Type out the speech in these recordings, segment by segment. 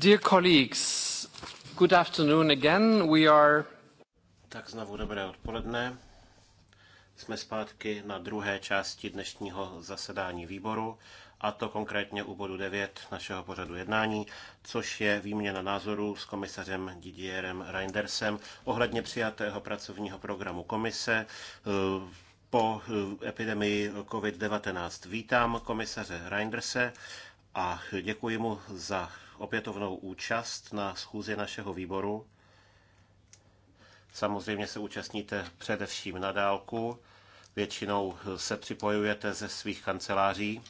Dear colleagues, good afternoon again. We are... Tak znovu dobré odpoledne. Jsme zpátky na druhé části dnešního zasedání výboru, a to konkrétně u bodu 9 našeho pořadu jednání, což je výměna názorů s komisařem Didierem Reindersem ohledně přijatého pracovního programu komise po epidemii COVID-19. Vítám komisaře Reinderse a děkuji mu za opětovnou účast na schůzi našeho výboru. Samozřejmě se účastníte především na dálku, většinou se připojujete ze svých kanceláří.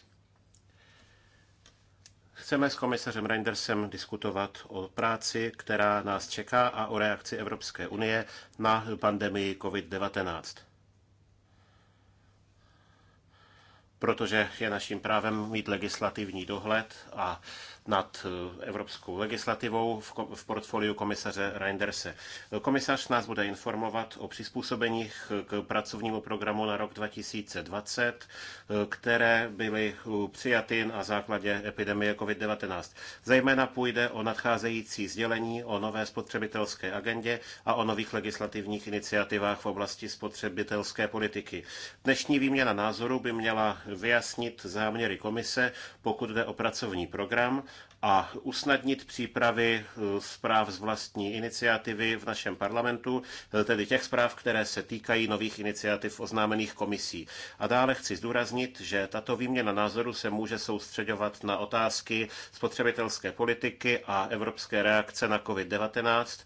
Chceme s komisařem Reindersem diskutovat o práci, která nás čeká a o reakci Evropské unie na pandemii COVID-19. Protože je naším právem mít legislativní dohled a nad eh, evropskou legislativou v portfoliu komisaře Reinderse. Komisař nás bude informovat o přizpůsobeních eh, k pracovnímu programu na rok 2020, eh, které byly přijaty na základě epidemie COVID-19. Zejména půjde o nadcházející sdělení o nové spotřebitelské agendě a o nových legislativních iniciativách v oblasti spotřebitelské politiky. Dnešní výměna názoru by měla vyjasnit záměry komise, pokud jde o pracovní program, a usnadnit přípravy eh, zpráv z vlastní iniciativy v našem parlamentu, eh, tedy těch zpráv, které se týkají nových iniciativ oznámených komisí. A dále chci zdůraznit, že tato výměna názoru se může soustředovat na otázky spotřebitelské politiky a evropské reakce na COVID-19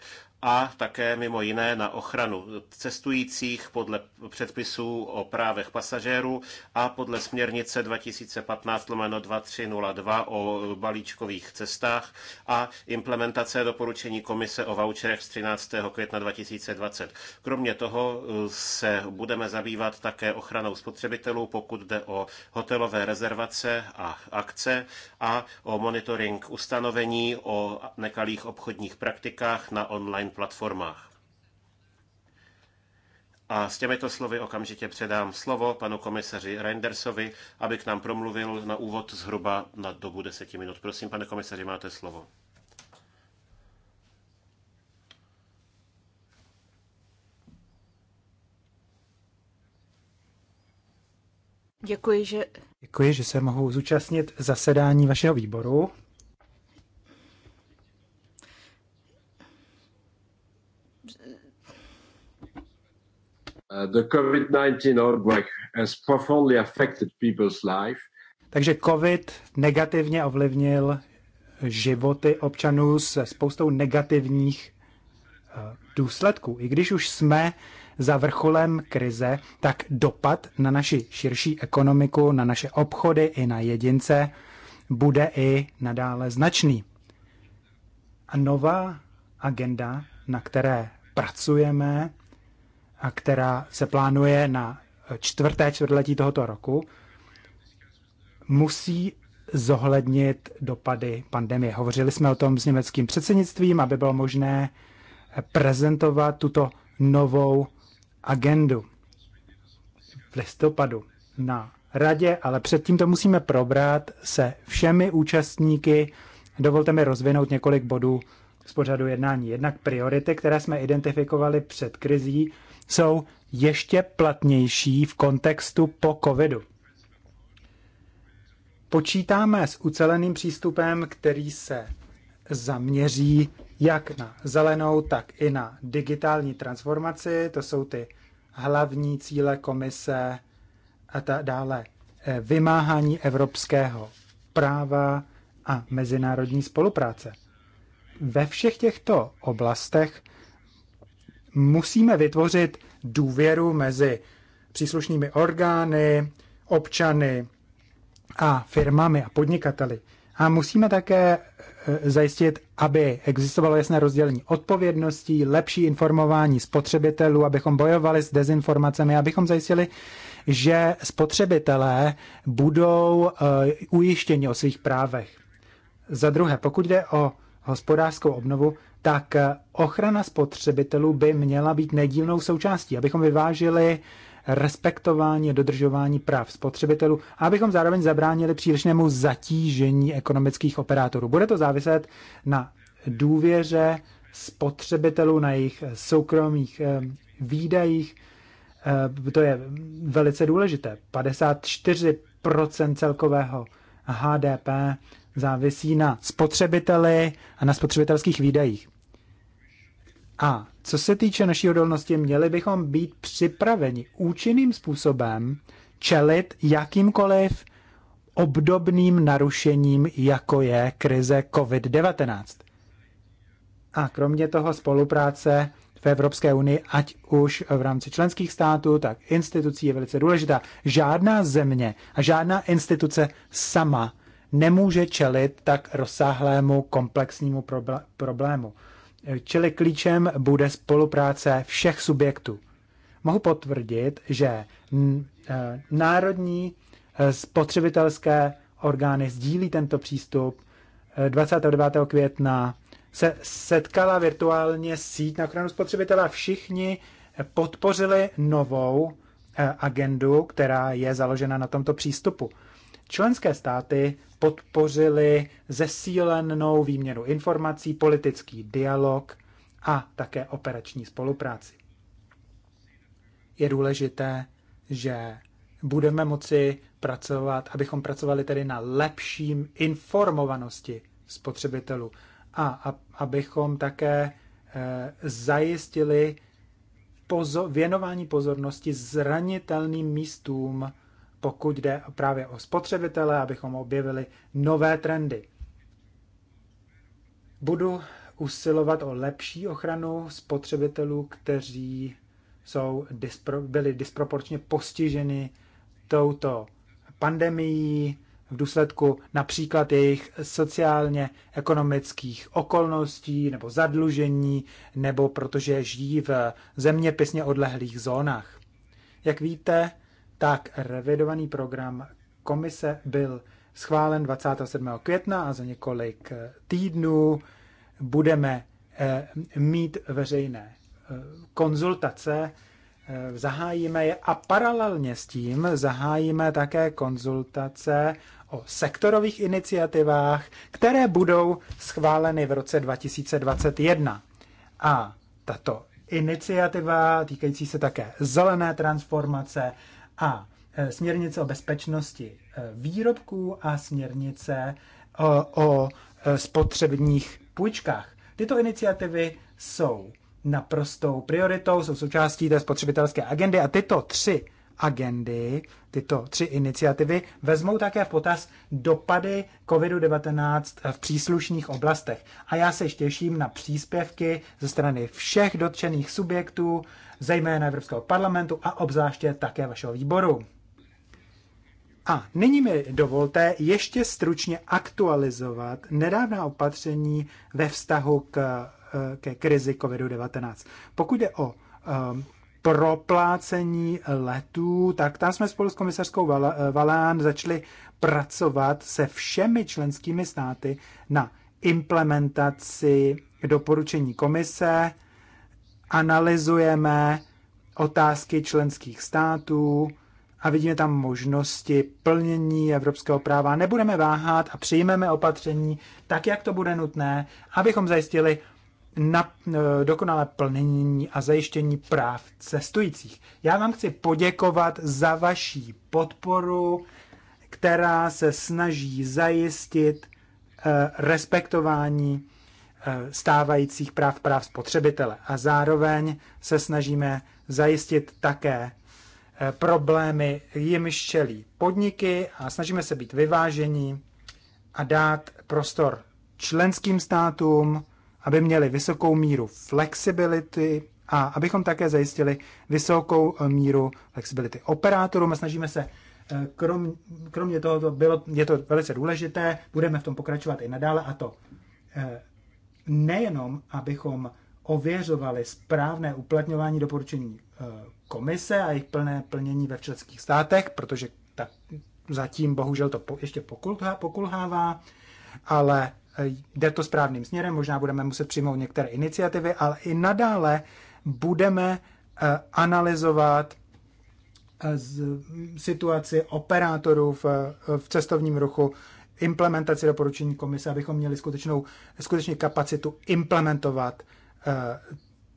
a také mimo jiné na ochranu cestujících podle předpisů o právech pasažérů a podle směrnice 2015-2302 o balíčkových cestách a implementace doporučení komise o voucherech z 13. května 2020. Kromě toho eh, se budeme zabývat také ochranou spotřebitelů, pokud jde o hotelové rezervace a akce a o monitoring ustanovení o nekalých obchodních praktikách na online platformách. A s těmito slovy okamžitě předám slovo panu komisaři Reindersovi, aby k nám promluvil na úvod zhruba na dobu deseti minut. Prosím, pane komisaři, máte slovo. Děkuji, že... Děkuji, že se mohu zúčastnit zasedání vašeho výboru. Eh, the COVID-19 outbreak has profoundly affected people's life. Takže COVID negativně ovlivnil životy občanů se spoustou negativních eh, důsledků. I když už jsme za vrcholem krize, tak dopad na naši širší ekonomiku, na naše obchody i na jedince bude i nadále značný. A nová agenda, na které pracujeme, a která se plánuje na čtvrté čtvrtletí tohoto roku, musí zohlednit dopady pandemie. Hovořili jsme o tom s německým předsednictvím, aby bylo možné prezentovat tuto novou agendu v listopadu na radě, ale předtím to musíme probrat se všemi účastníky. Dovolte mi rozvinout několik bodů z pořadu jednání. Jednak priority, které jsme identifikovali před krizí jsou ještě platnější v kontextu po covidu. Počítáme s uceleným přístupem, který se zaměří jak na zelenou, tak i na digitální transformaci. To jsou ty hlavní cíle komise a tak dále eh, vymáhání evropského práva a mezinárodní spolupráce. Ve všech těchto oblastech musíme vytvořit důvěru mezi příslušnými orgány, občany a firmami a podnikateli. A musíme také e, zajistit, aby existovalo jasné rozdělení odpovědností, lepší informování spotřebitelů, abychom bojovali s dezinformacemi, abychom zajistili, že spotřebitelé budou e, ujištěni o svých právech. Za druhé, pokud jde o hospodářskou obnovu, tak eh, ochrana spotřebitelů by měla být nedílnou součástí, abychom vyvážili respektování a dodržování práv spotřebitelů a abychom zároveň zabránili přílišnému zatížení ekonomických operátorů. Bude to záviset na důvěře spotřebitelů, na jejich soukromých eh, výdajích. Eh, to je velice důležité. 54% celkového HDP závisí na spotřebiteli a na spotřebitelských výdajích. A co se týče naší odolnosti, měli bychom být připraveni účinným způsobem čelit jakýmkoliv obdobným narušením, jako je krize COVID-19. A kromě toho spolupráce v Evropské unii, ať už v rámci členských států, tak institucí je velice důležitá. Žádná země a žádná instituce sama nemůže čelit tak rozsáhlému komplexnímu problému. Čili klíčem bude spolupráce všech subjektů. Mohu potvrdit, že e, národní e, spotřebitelské orgány sdílí tento přístup. 29. E, května se setkala virtuálně síť na ochranu spotřebitela. Všichni podpořili novou agendu, která je založena na tomto přístupu. Členské státy podpořily zesílenou výměnu informací, politický dialog a také operační spolupráci. Je důležité, že budeme moci pracovat, abychom pracovali tedy na lepším informovanosti spotřebitelů a abychom také eh, zajistili pozo- věnování pozornosti zranitelným místům pokud jde právě o spotřebitele, abychom objevili nové trendy. Budu usilovat o lepší ochranu spotřebitelů, kteří jsou, dispro, byli disproporčně postiženi touto pandemií v důsledku například jejich sociálně ekonomických okolností nebo zadlužení, nebo protože žijí v zeměpisně odlehlých zónách. Jak víte, tak revidovaný program komise byl schválen 27. května a za několik eh, týdnů budeme eh, mít veřejné eh, konzultace, zahájíme je a paralelně s tím zahájíme také konzultace o sektorových iniciativách, které budou schváleny v roce 2021. A tato iniciativa týkající se také zelené transformace, a e, směrnice o bezpečnosti e, výrobků a směrnice e, o, o spotřebních půjčkách. Tyto iniciativy jsou naprostou prioritou, jsou součástí té spotřebitelské agendy a tyto tři agendy, tyto tři iniciativy vezmou také v potaz dopady COVID-19 v příslušných oblastech. A já se těším na příspěvky ze strany všech dotčených subjektů, zejména Evropského parlamentu a obzáště také vašeho výboru. A nyní mi dovolte ještě stručně aktualizovat nedávná opatření ve vztahu k, eh, ke krizi COVID-19. Pokud je o um, proplácení letů, tak tam jsme spolu s komisařskou eh, Valán začali pracovat se všemi členskými státy na implementaci doporučení komise analyzujeme otázky členských států a vidíme tam možnosti plnění evropského práva. Nebudeme váhat a přijmeme opatření tak, jak to bude nutné, abychom zajistili na e, dokonalé plnění a zajištění práv cestujících. Já vám chci poděkovat za vaši podporu, která se snaží zajistit e, respektování Eh, stávajících práv práv spotřebitele. A zároveň se snažíme zajistit také eh, problémy jim čelí podniky a snažíme se být vyvážení a dát prostor členským státům, aby měli vysokou míru flexibility a abychom také zajistili vysokou eh, míru flexibility operátorům a snažíme se krom, kromě toho, to bylo, je to velice důležité, budeme v tom pokračovat i nadále a to nejenom, abychom ověřovali správné uplatňování doporučení eh, komise a jejich plné plnění ve členských státech, protože ta, zatím bohužel to po, ještě pokulhá, pokulhává, ale eh, jde to správným směrem, možná budeme muset přijmout některé iniciativy, ale i nadále budeme eh, analyzovat situaci operátorů v, v cestovním ruchu implementaci doporučení komise, abychom měli skutečnou, skutečně kapacitu implementovat uh,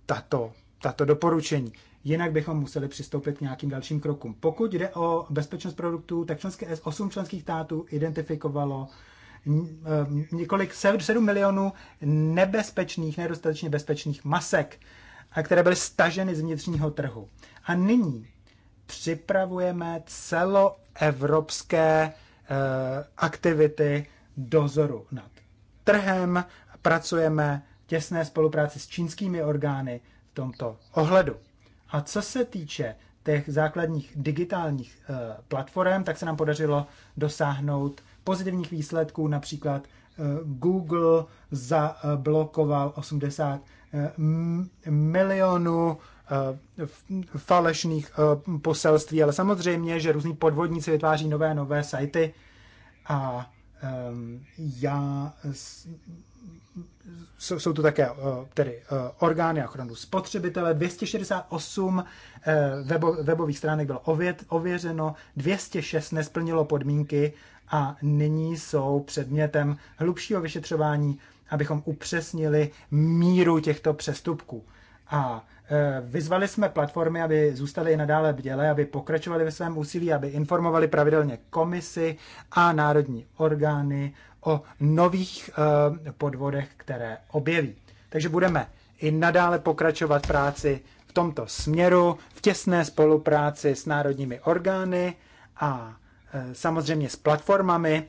tato, tato doporučení. Jinak bychom museli přistoupit k nějakým dalším krokům. Pokud jde o bezpečnost produktů, tak členské, 8 členských států identifikovalo eh, několik 7 milionů nebezpečných, nedostatečně bezpečných masek, které byly staženy z vnitřního trhu. A nyní připravujeme celoevropské Eh, aktivity dozoru nad trhem. Pracujeme těsné spolupráci s čínskými orgány v tomto ohledu. A co se týče těch základních digitálních eh, platform, tak se nám podařilo dosáhnout pozitivních výsledků. Například eh, Google zablokoval 80 milionů Eh, falešných eh, poselství, ale samozřejmě, že různí podvodníci vytváří nové nové sajty a ehm, já jsou tu také eh, tedy orgány ochranu spotřebitele, 268 webo, webových stránek bylo ověřeno, 206 nesplnilo podmínky a nyní jsou předmětem hlubšího vyšetřování, abychom upřesnili míru těchto přestupků. A Eh, vyzvali jsme platformy, aby zůstaly i nadále bděle, aby pokračovali ve svém úsilí, aby informovali pravidelně komisy a národní orgány o nových eh, podvodech, které objeví. Takže budeme i nadále pokračovat práci v tomto směru, v těsné spolupráci s národními orgány a eh, samozřejmě s platformami,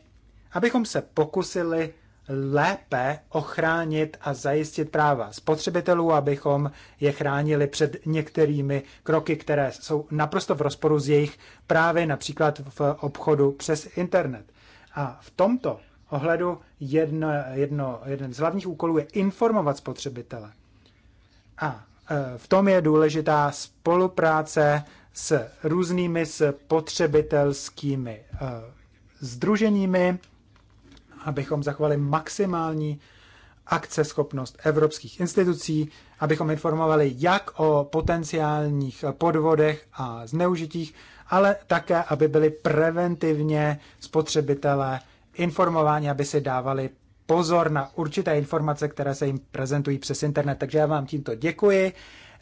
abychom se pokusili lépe ochránit a zajistit práva spotřebitelů, abychom je chránili před některými kroky, které jsou naprosto v rozporu s jejich právy, například v obchodu přes internet. A v tomto ohledu jedno, jedno, jeden z hlavních úkolů je informovat spotřebitele. A e, v tom je důležitá spolupráce s různými spotřebitelskými e, združeními, abychom zachovali maximální akceschopnost evropských institucí, abychom informovali jak o potenciálních podvodech a zneužitích, ale také, aby byli preventivně spotřebitelé informováni, aby si dávali pozor na určité informace, které se jim prezentují přes internet. Takže já vám tímto děkuji.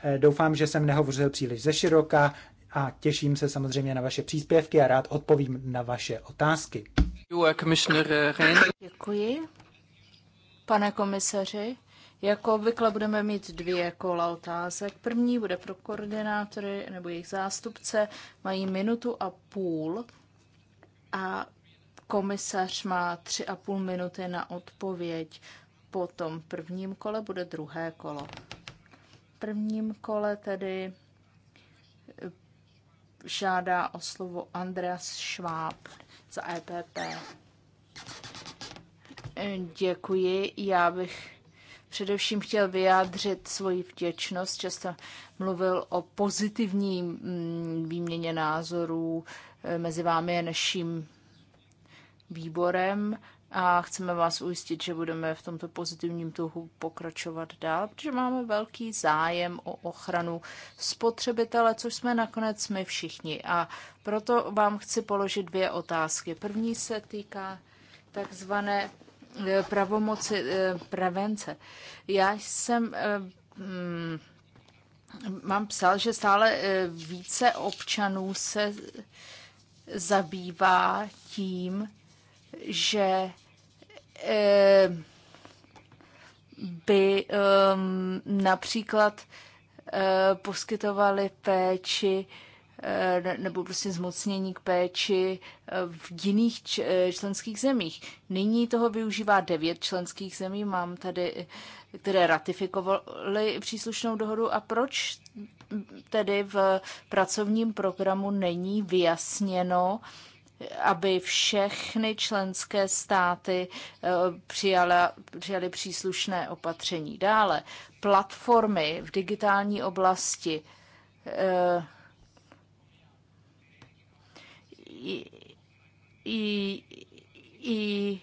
Eh, doufám, že jsem nehovořil příliš ze široka a těším se samozřejmě na vaše příspěvky a rád odpovím na vaše otázky. Eh, Děkuji. Pane komisaři, jako obvykle budeme mít dvě kola otázek. První bude pro koordinátory nebo jejich zástupce. Mají minutu a půl a komisař má tři a půl minuty na odpověď. Po tom prvním kole bude druhé kolo. V prvním kole tedy eh, žádá o slovo Andreas Schwab za EPP. Děkuji. Já bych především chtěl vyjádřit svoji vděčnost. Často mluvil o pozitivní mm, výměně názorů eh, mezi vámi a naším výborem a chceme vás ujistit, že budeme v tomto pozitivním tuhu pokračovat dál, protože máme velký zájem o ochranu spotřebitele, což jsme nakonec my všichni. A proto vám chci položit dvě otázky. První se týká takzvané eh, pravomoci eh, prevence. Já jsem eh, mm, mám psal, že stále více občanů se zabývá tím, že Eh, by například eh, poskytovali péči eh, nebo prostě zmocnění k péči v jiných členských zemích. Nyní toho využívá devět členských zemí, mám tady, které ratifikovaly příslušnou dohodu. A proč tedy v pracovním programu není vyjasněno, aby všechny členské státy eh, přijala, přijali příslušné opatření. Dále, platformy v digitální oblasti eh, i, i, i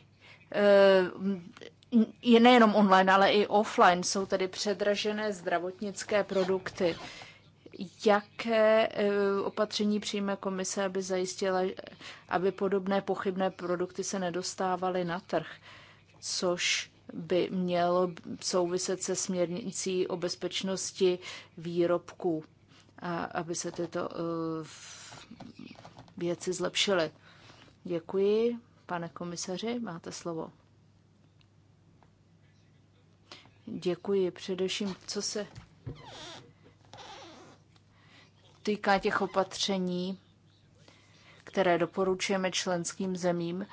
eh, i nejenom online, ale i offline jsou tedy předražené zdravotnické produkty jaké eh, opatření přijme komise, aby zajistila, aby podobné pochybné produkty se nedostávaly na trh, což by mělo souviset se směrnicí o bezpečnosti výrobků, a aby se tyto eh, věci zlepšily. Děkuji. Pane komisaři, máte slovo. Děkuji. Především, co se týká těch opatření, které doporučujeme členským zemím,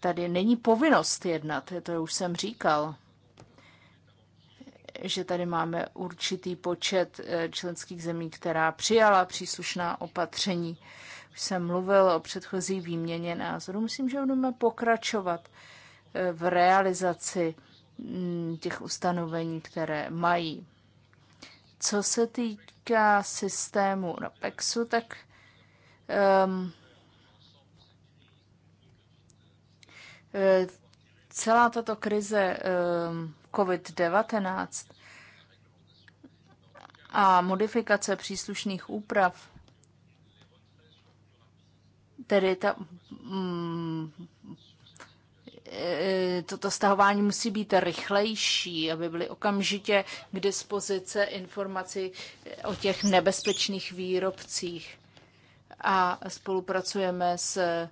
tady není povinnost jednat, to už jsem říkal, že tady máme určitý počet eh, členských zemí, která přijala příslušná opatření. Už jsem mluvil o předchozí výměně názorů. Myslím, že budeme pokračovat eh, v realizaci mm, těch ustanovení, které mají co se týká systému RAPEXu, tak um, celá tato krize um, ehm, COVID-19 a modifikace příslušných úprav, tedy ta mm, E, toto stahování musí být rychlejší, aby byly okamžitě k dispozice informaci o těch nebezpečných výrobcích. A spolupracujeme s e,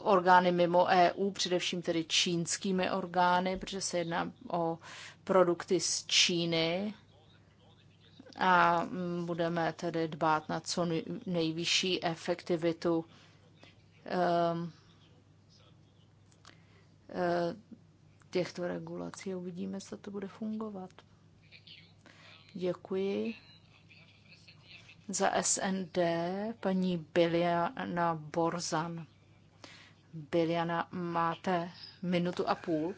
orgány mimo EU, především tedy čínskými orgány, protože se jedná o produkty z Číny. A mm, budeme tedy dbát na co nejvyšší efektivitu um, Eh, těchto regulací a uvidíme, co to bude fungovat. Děkuji. Za SND paní Biliana Borzan. Biliana, máte minutu a půl.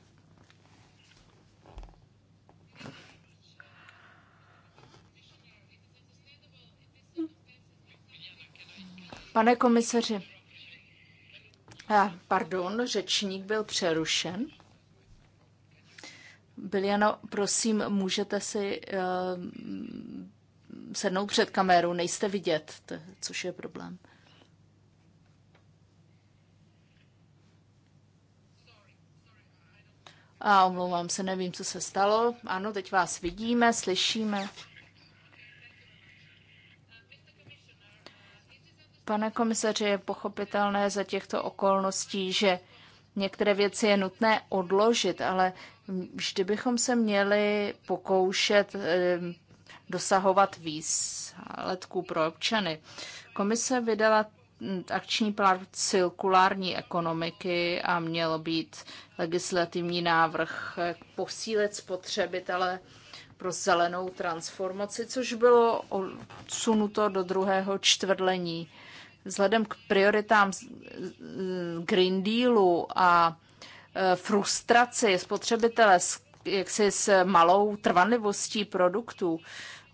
Pane komisaři, Pardon, řečník byl přerušen. Biliano, prosím, můžete si uh, sednout před kameru, nejste vidět, to, což je problém. A omlouvám se, nevím, co se stalo. Ano, teď vás vidíme, slyšíme. Pane komisaři, je pochopitelné za těchto okolností, že některé věci je nutné odložit, ale vždy bychom se měli pokoušet eh, dosahovat výsledků pro občany. Komise vydala hm, akční plán cirkulární ekonomiky a měl být legislativní návrh eh, posílit spotřebitele pro zelenou transformaci, což bylo odsunuto do druhého čtvrtlení. Vzhledem k prioritám Green Dealu a e, frustraci spotřebitele jaksi s malou trvanlivostí produktů,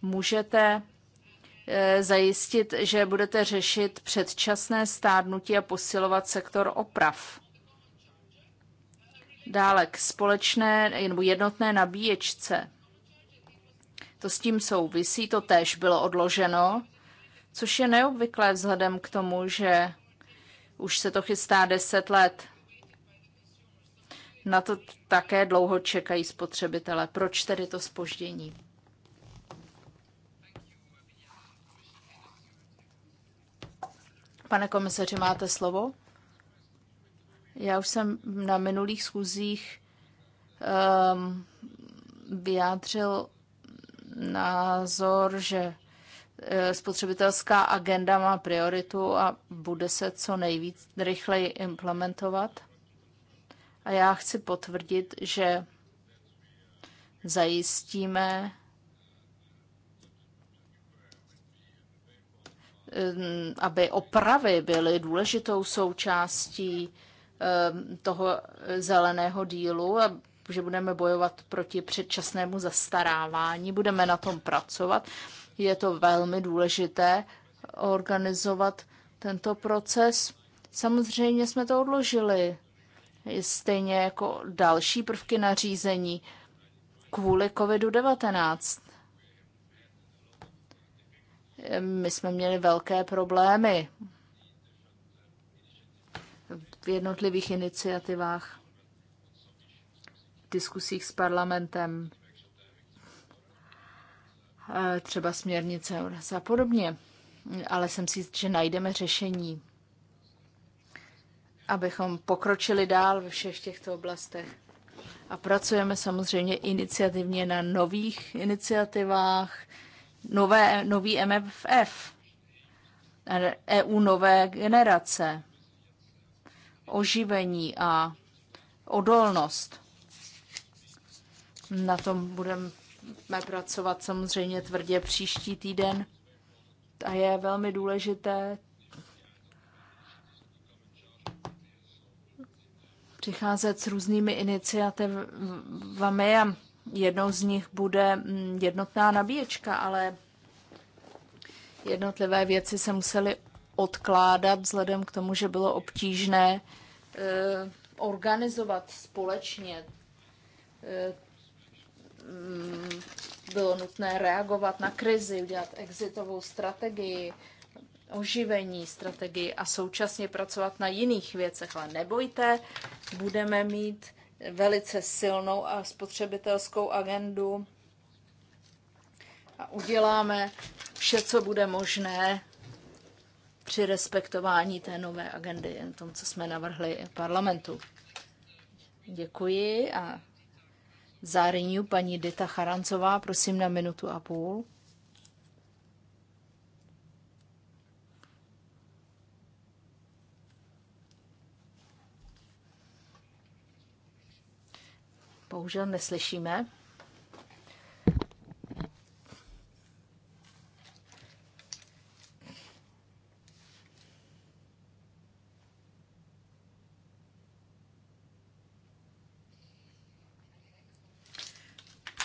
můžete e, zajistit, že budete řešit předčasné stárnutí a posilovat sektor oprav. Dále k společné nebo jednotné nabíječce. To s tím souvisí, to též bylo odloženo což je neobvyklé vzhledem k tomu, že už se to chystá 10 let. Na to také dlouho čekají spotřebitele. Proč tedy to spoždění? Pane komisaři, máte slovo? Já už jsem na minulých schůzích um, vyjádřil názor, že Eh, spotřebitelská agenda má prioritu a bude se co nejvíc rychleji implementovat. A já chci potvrdit, že zajistíme eh, aby opravy byly důležitou součástí eh, toho zeleného dílu a že budeme bojovat proti předčasnému zastarávání, budeme na tom pracovat je to velmi důležité organizovat tento proces. Samozřejmě jsme to odložili, stejně jako další prvky nařízení kvůli COVID-19. My jsme měli velké problémy v jednotlivých iniciativách, v diskusích s parlamentem, Eh, třeba směrnice a podobně. Ale jsem si, že najdeme řešení, abychom pokročili dál ve všech těchto oblastech. A pracujeme samozřejmě iniciativně na nových iniciativách, nové, nový MFF, EU nové generace, oživení a odolnost. Na tom budeme budeme pracovat samozřejmě tvrdě příští týden a je velmi důležité přicházet s různými iniciativami a jednou z nich bude mm, jednotná nabíječka, ale jednotlivé věci se musely odkládat vzhledem k tomu, že bylo obtížné eh, organizovat společně eh, Mm, bylo nutné reagovat na krizi, udělat exitovou strategii, oživení strategii a současně pracovat na jiných věcech. Ale nebojte, budeme mít velice silnou a spotřebitelskou agendu a uděláme vše, co bude možné při respektování té nové agendy, tom, co jsme navrhli parlamentu. Děkuji a za paní Dita Charancová, prosím na minutu a půl. Bohužel neslyšíme.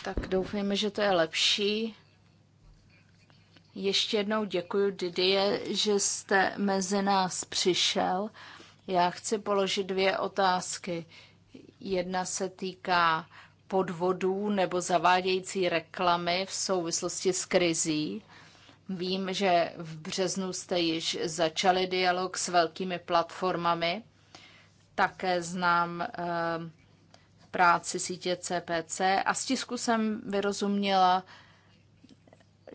Tak doufejme, že to je lepší. Ještě jednou děkuji Didie, že jste mezi nás přišel. Já chci položit dvě otázky. Jedna se týká podvodů nebo zavádějící reklamy v souvislosti s krizí. Vím, že v březnu jste již začali dialog s velkými platformami. Také znám eh, práci sítě CPC a z tisku jsem vyrozuměla,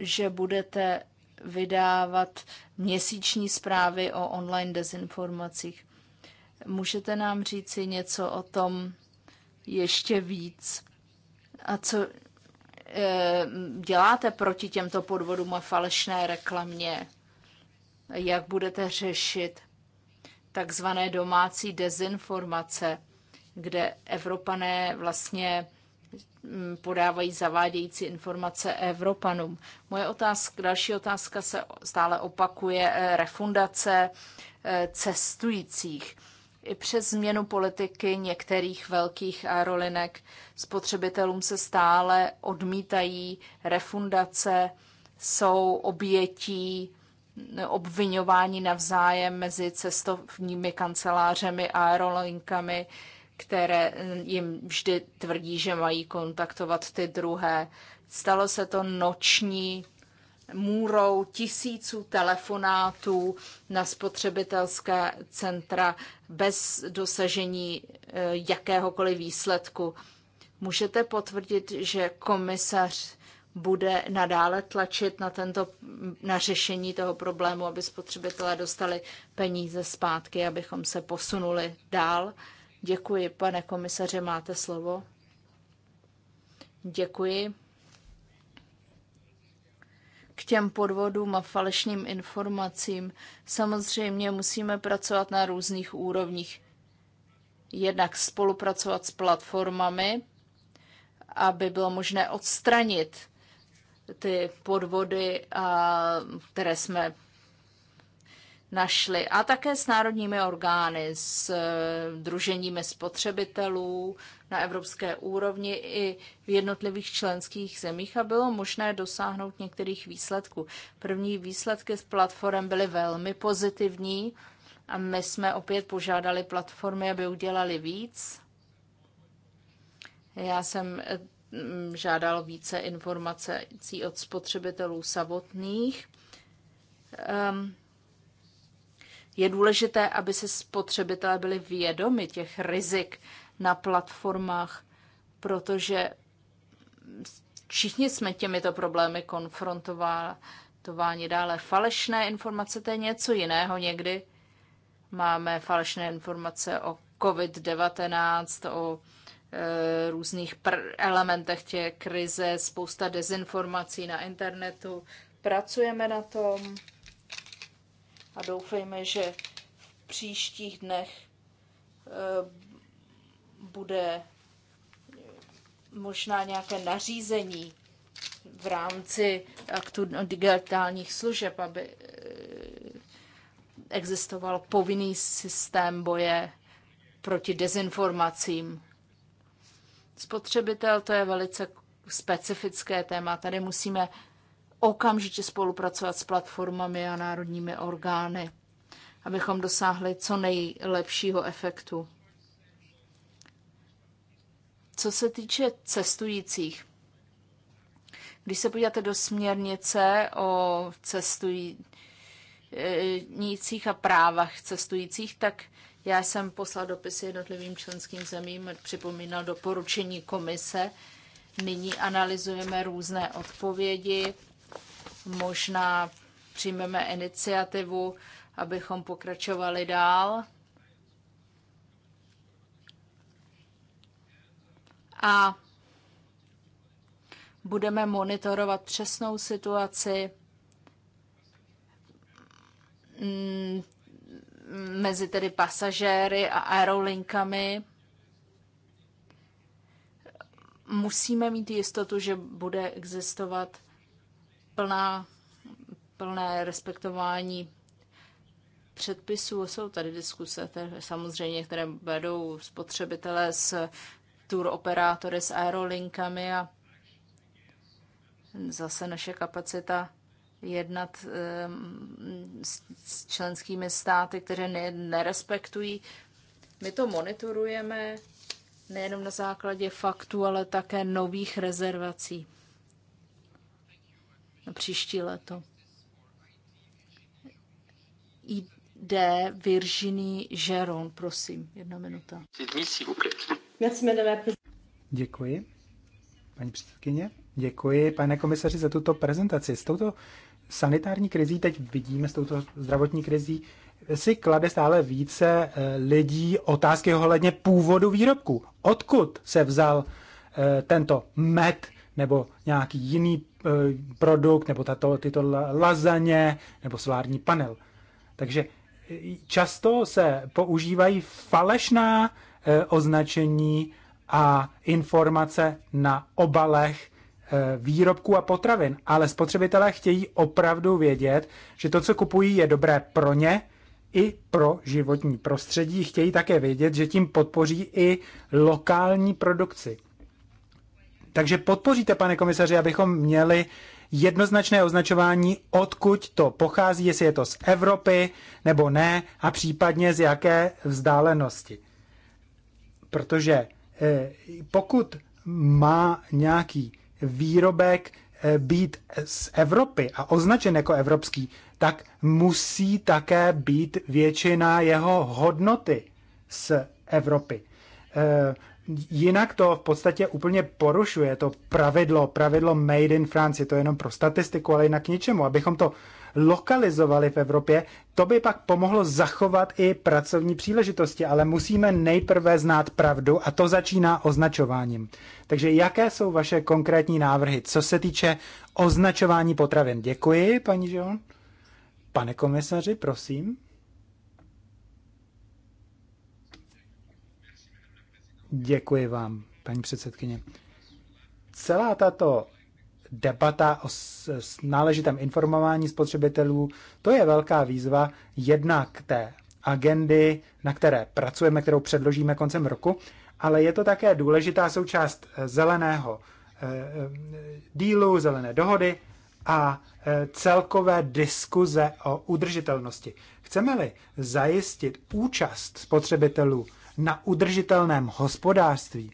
že budete vydávat měsíční zprávy o online dezinformacích. Můžete nám říci něco o tom ještě víc? A co e, děláte proti těmto podvodům a falešné reklamě? Jak budete řešit takzvané domácí dezinformace? kde Evropané vlastně mm, podávají zavádějící informace Evropanům. Moje otázka, další otázka se stále opakuje, eh, refundace eh, cestujících. I přes změnu politiky některých velkých aerolinek spotřebitelům se stále odmítají refundace, jsou obětí mm, obvinování navzájem mezi cestovními kancelářemi a aerolinkami které eh, jim vždy tvrdí, že mají kontaktovat ty druhé. Stalo se to noční můrou tisíců telefonátů na spotřebitelské centra bez dosažení eh, jakéhokoliv výsledku. Můžete potvrdit, že komisař bude nadále tlačit na, tento, na řešení toho problému, aby spotřebitelé dostali peníze zpátky, abychom se posunuli dál? Děkuji, pane komisaře, máte slovo. Děkuji. K těm podvodům a falešným informacím samozřejmě musíme pracovat na různých úrovních. Jednak spolupracovat s platformami, aby bylo možné odstranit ty podvody, které jsme našli. A také s národními orgány, s eh, druženími spotřebitelů na evropské úrovni i v jednotlivých členských zemích a bylo možné dosáhnout některých výsledků. První výsledky s platform byly velmi pozitivní a my jsme opět požádali platformy, aby udělali víc. Já jsem eh, žádal více informací od spotřebitelů samotných. Um, je důležité, aby se spotřebitelé byli vědomi těch rizik na platformách, protože všichni jsme těmito problémy konfrontováni dále. Falešné informace to je něco jiného někdy. Máme falešné informace o COVID-19, o e, různých elementech tě krize, spousta dezinformací na internetu. Pracujeme na tom a doufejme, že v příštích dnech eh, bude možná nějaké nařízení v rámci aktu digitálních služeb, aby eh, existoval povinný systém boje proti dezinformacím. Spotřebitel to je velice specifické téma. Tady musíme okamžitě spolupracovat s platformami a národními orgány, abychom dosáhli co nejlepšího efektu. Co se týče cestujících, když se podíváte do směrnice o cestujících a právách cestujících, tak já jsem poslal dopisy jednotlivým členským zemím, připomínal doporučení komise. Nyní analyzujeme různé odpovědi Možná přijmeme iniciativu, abychom pokračovali dál. A budeme monitorovat přesnou situaci mm, mezi tedy pasažéry a aerolinkami. Musíme mít jistotu, že bude existovat plná, plné respektování předpisů. Jsou tady diskuse které, samozřejmě, které vedou spotřebitelé s tour operátory, s aerolinkami a zase naše kapacita jednat ehm, s členskými státy, které nerespektují. My to monitorujeme nejenom na základě faktů, ale také nových rezervací na příští leto. ID Virginie Geron, prosím, jedna minuta. Děkuji, paní předsedkyně. Děkuji, pane komisaři, za tuto prezentaci. S touto sanitární krizí, teď vidíme s touto zdravotní krizí, si klade stále více eh, lidí otázky ohledně původu výrobku. Odkud se vzal eh, tento med nebo nějaký jiný Eh, produkt, nebo tato, tyto lazaně, nebo solární panel. Takže eh, často se používají falešná eh, označení a informace na obalech výrobků a potravin, ale spotřebitelé chtějí opravdu vědět, že to, co kupují, je dobré pro ně i pro životní prostředí. Chtějí také vědět, že tím podpoří i lokální produkci. Takže podpoříte, pane komisaři, abychom měli jednoznačné označování, odkud to pochází, jestli je to z Evropy nebo ne a případně z jaké vzdálenosti. Protože eh, pokud má nějaký výrobek eh, být z Evropy a označen jako evropský, tak musí také být většina jeho hodnoty z Evropy. Eh, jinak to v podstatě úplně porušuje to pravidlo, pravidlo Made in France, je to jenom pro statistiku, ale jinak k ničemu. Abychom to lokalizovali v Evropě, to by pak pomohlo zachovat i pracovní příležitosti, ale musíme nejprve znát pravdu a to začíná označováním. Takže jaké jsou vaše konkrétní návrhy, co se týče označování potravin? Děkuji, paní Žon. Pane komisaři, prosím. Děkuji vám, paní předsedkyně. Celá tato debata o náležitém informování spotřebitelů, to je velká výzva jednak té agendy, na které pracujeme, kterou předložíme koncem roku, ale je to také důležitá součást eh, zeleného eh, eh, dílu, zelené dohody a celkové diskuze o udržitelnosti. Chceme-li zajistit účast spotřebitelů na udržitelném hospodářství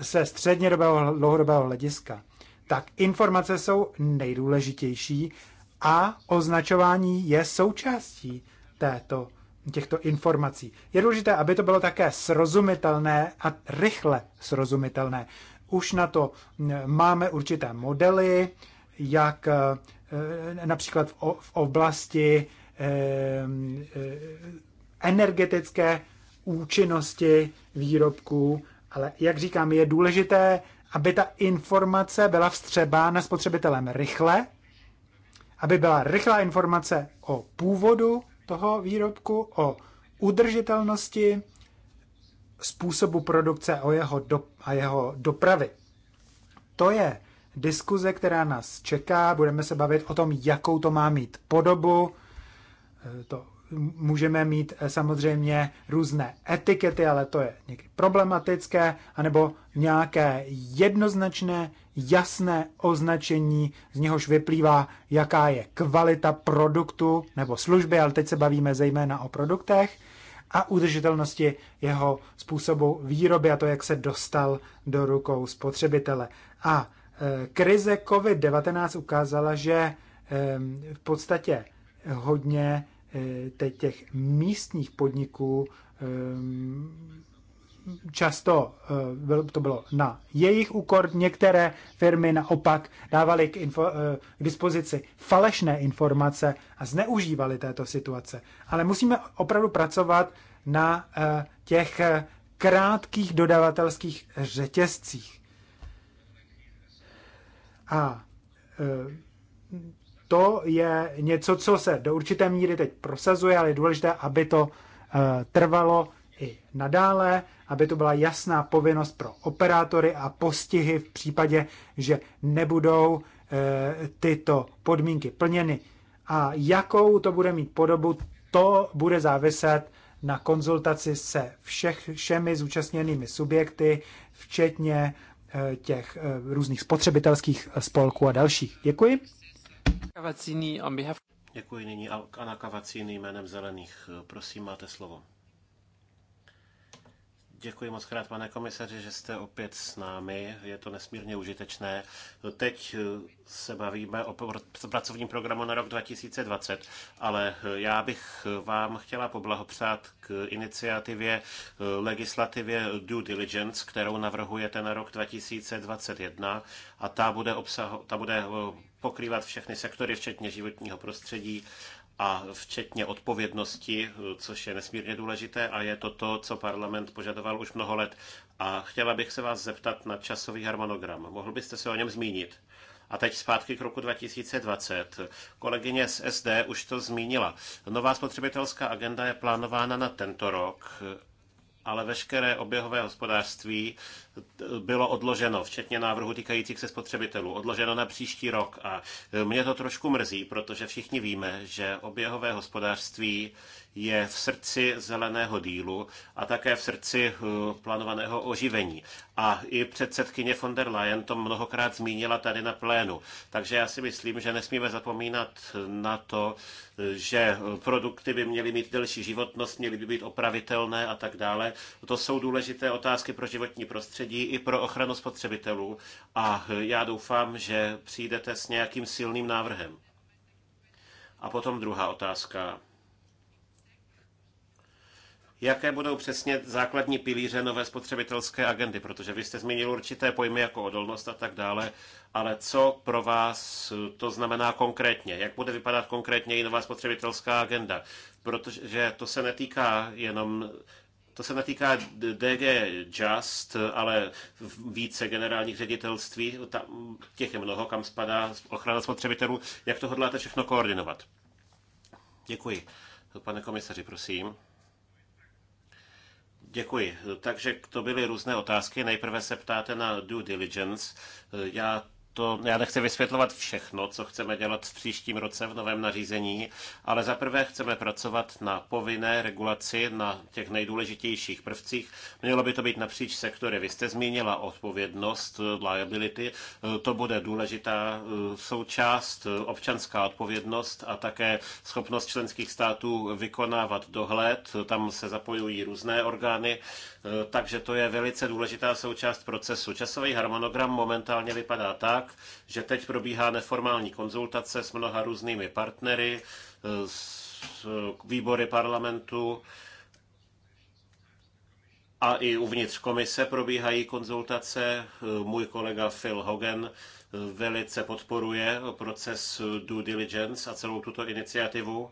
se střednědobého dlouhodobého hlediska, tak informace jsou nejdůležitější a označování je součástí této, těchto informací. Je důležité, aby to bylo také srozumitelné a rychle srozumitelné. Už na to máme určité modely, jak e, e, například v oblasti e, energetické účinnosti výrobků, ale jak říkám, je důležité, aby ta informace byla vstřebána spotřebitelem rychle, aby byla rychlá informace o původu toho výrobku, o udržitelnosti, způsobu produkce o jeho do, a jeho dopravy. To je diskuze, která nás čeká. Budeme se bavit o tom, jakou to má mít podobu. E, to můžeme mít eh, samozřejmě různé etikety, ale to je někdy problematické, anebo nějaké jednoznačné, jasné označení, z něhož vyplývá, jaká je kvalita produktu nebo služby, ale teď se bavíme zejména o produktech a udržitelnosti jeho způsobu výroby a to, jak se dostal do rukou spotřebitele. A eh, krize COVID-19 ukázala, že v podstatě hodně Eh, těch místních podniků eh, často eh, to bylo na jejich úkor, některé firmy naopak dávaly k, info, k dispozici falešné informace a zneužívaly této situace. Ale musíme opravdu pracovat na těch krátkých dodavatelských řetězcích. A to je něco, co se do určité míry teď prosazuje, ale je důležité, aby to eh, trvalo i nadále, aby to byla jasná povinnost pro operátory a postihy v případě, že nebudou eh, tyto podmínky plněny. A jakou to bude mít podobu, to bude záviset na konzultaci se všech, všemi zúčastněnými subjekty, včetně eh, těch různých spotřebitelských spolků a dalších. Děkuji. Děkuji nyní Anna Kavacíny jménem Zelených. Prosím, máte slovo. Děkuji moc krát, pane komisaři, že jste opět s námi. Je to nesmírně užitečné. Teď eh, se bavíme o pracovním programu na rok 2020, ale eh, já bych eh, vám chtěla poblahopřát k iniciativě legislativě due diligence, kterou navrhujete na rok 2021 a ta bude, obsaho, ta bude pokrývat všechny sektory, včetně životního prostředí a včetně odpovědnosti, což je nesmírně důležité a je to to, co parlament požadoval už mnoho let. A chtěla bych se vás zeptat na časový harmonogram. Mohl byste se o něm zmínit? A teď zpátky k roku 2020. Kolegyně z SD už to zmínila. Nová spotřebitelská agenda je plánována na tento rok, ale veškeré oběhové hospodářství bylo odloženo, včetně návrhu týkajících se spotřebitelů, odloženo na příští rok. A mě to trošku mrzí, protože všichni víme, že oběhové hospodářství je v srdci zeleného dílu a také v srdci eh, plánovaného oživení. A i předsedkyně von der Leyen to mnohokrát zmínila tady na plénu. Takže já si myslím, že nesmíme zapomínat na to, že produkty by měly mít delší životnost, měly by být opravitelné a tak dále. To jsou důležité otázky pro životní prostředí prostředí i pro ochranu spotřebitelů a já doufám, že přijdete s nějakým silným návrhem. A potom druhá otázka. Jaké budou přesně základní pilíře nové spotřebitelské agendy? Protože vy jste zmínil určité pojmy jako odolnost a tak dále, ale co pro vás to znamená konkrétně? Jak bude vypadat konkrétně i nová spotřebitelská agenda? Protože to se netýká jenom to se netýká DG Just, ale více generálních ředitelství, tam, těch je mnoho, kam spadá ochrana spotřebitelů. Jak to hodláte všechno koordinovat? Děkuji. Pane komisaři, prosím. Děkuji. Takže to byly různé otázky. Nejprve se ptáte na due diligence. Já to, já nechci vysvětlovat všechno, co chceme dělat v příštím roce v novém nařízení, ale zaprvé chceme pracovat na povinné regulaci na těch nejdůležitějších prvcích. Mělo by to být napříč sektory. Vy jste zmínila odpovědnost, liability, to bude důležitá eh, součást, eh, občanská odpovědnost a také schopnost členských států vykonávat dohled. Tam se zapojují různé orgány, eh, takže to je velice důležitá součást procesu. Časový harmonogram momentálně vypadá tak, tak, že teď probíhá neformální konzultace s mnoha různými partnery, e, s e, výbory parlamentu a i uvnitř komise probíhají konzultace. E, můj kolega Phil Hogan velice podporuje proces due diligence a celou tuto iniciativu.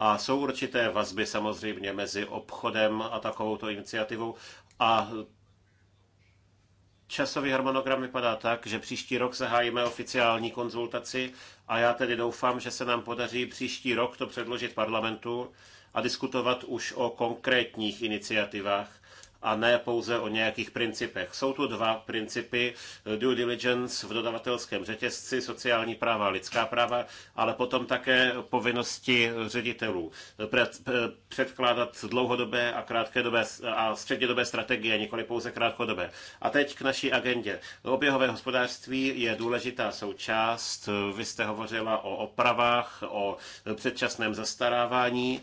A jsou určité vazby samozřejmě mezi obchodem a takovouto iniciativou a Časový harmonogram vypadá tak, že příští rok zahájíme oficiální konzultaci a já tedy doufám, že se nám podaří příští rok to předložit parlamentu a diskutovat už o konkrétních iniciativách a ne pouze o nějakých principech. Jsou tu dva principy eh, due diligence v dodavatelském řetězci, sociální práva a lidská práva, ale potom také povinnosti eh, ředitelů eh, předkládat dlouhodobé a krátkodobé a střednědobé strategie, nikoli pouze krátkodobé. A teď k naší agendě. Oběhové hospodářství je důležitá součást. Vy jste hovořila o opravách, o předčasném zastarávání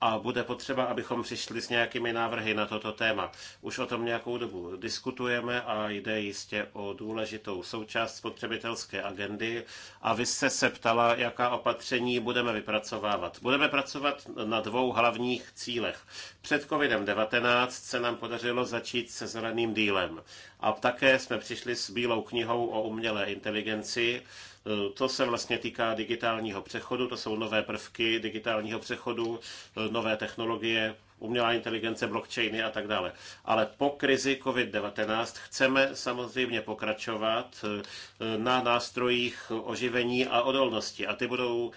a bude potřeba, abychom přišli s nějakými návrhy na toto téma. Už o tom nějakou dobu diskutujeme a jde jistě o důležitou součást spotřebitelské agendy. A vy jste se ptala, jaká opatření budeme vypracovávat. Budeme pracovat na dvou hlavních cílech. Před COVID-19 se nám podařilo začít se zeleným dílem. A také jsme přišli s bílou knihou o umělé inteligenci, Eh, to se vlastně týká digitálního přechodu, to jsou nové prvky digitálního přechodu, eh, nové technologie, umělá inteligence, blockchainy a tak dále. Ale po krizi COVID-19 chceme samozřejmě pokračovat eh, na nástrojích oživení a odolnosti. A ty budou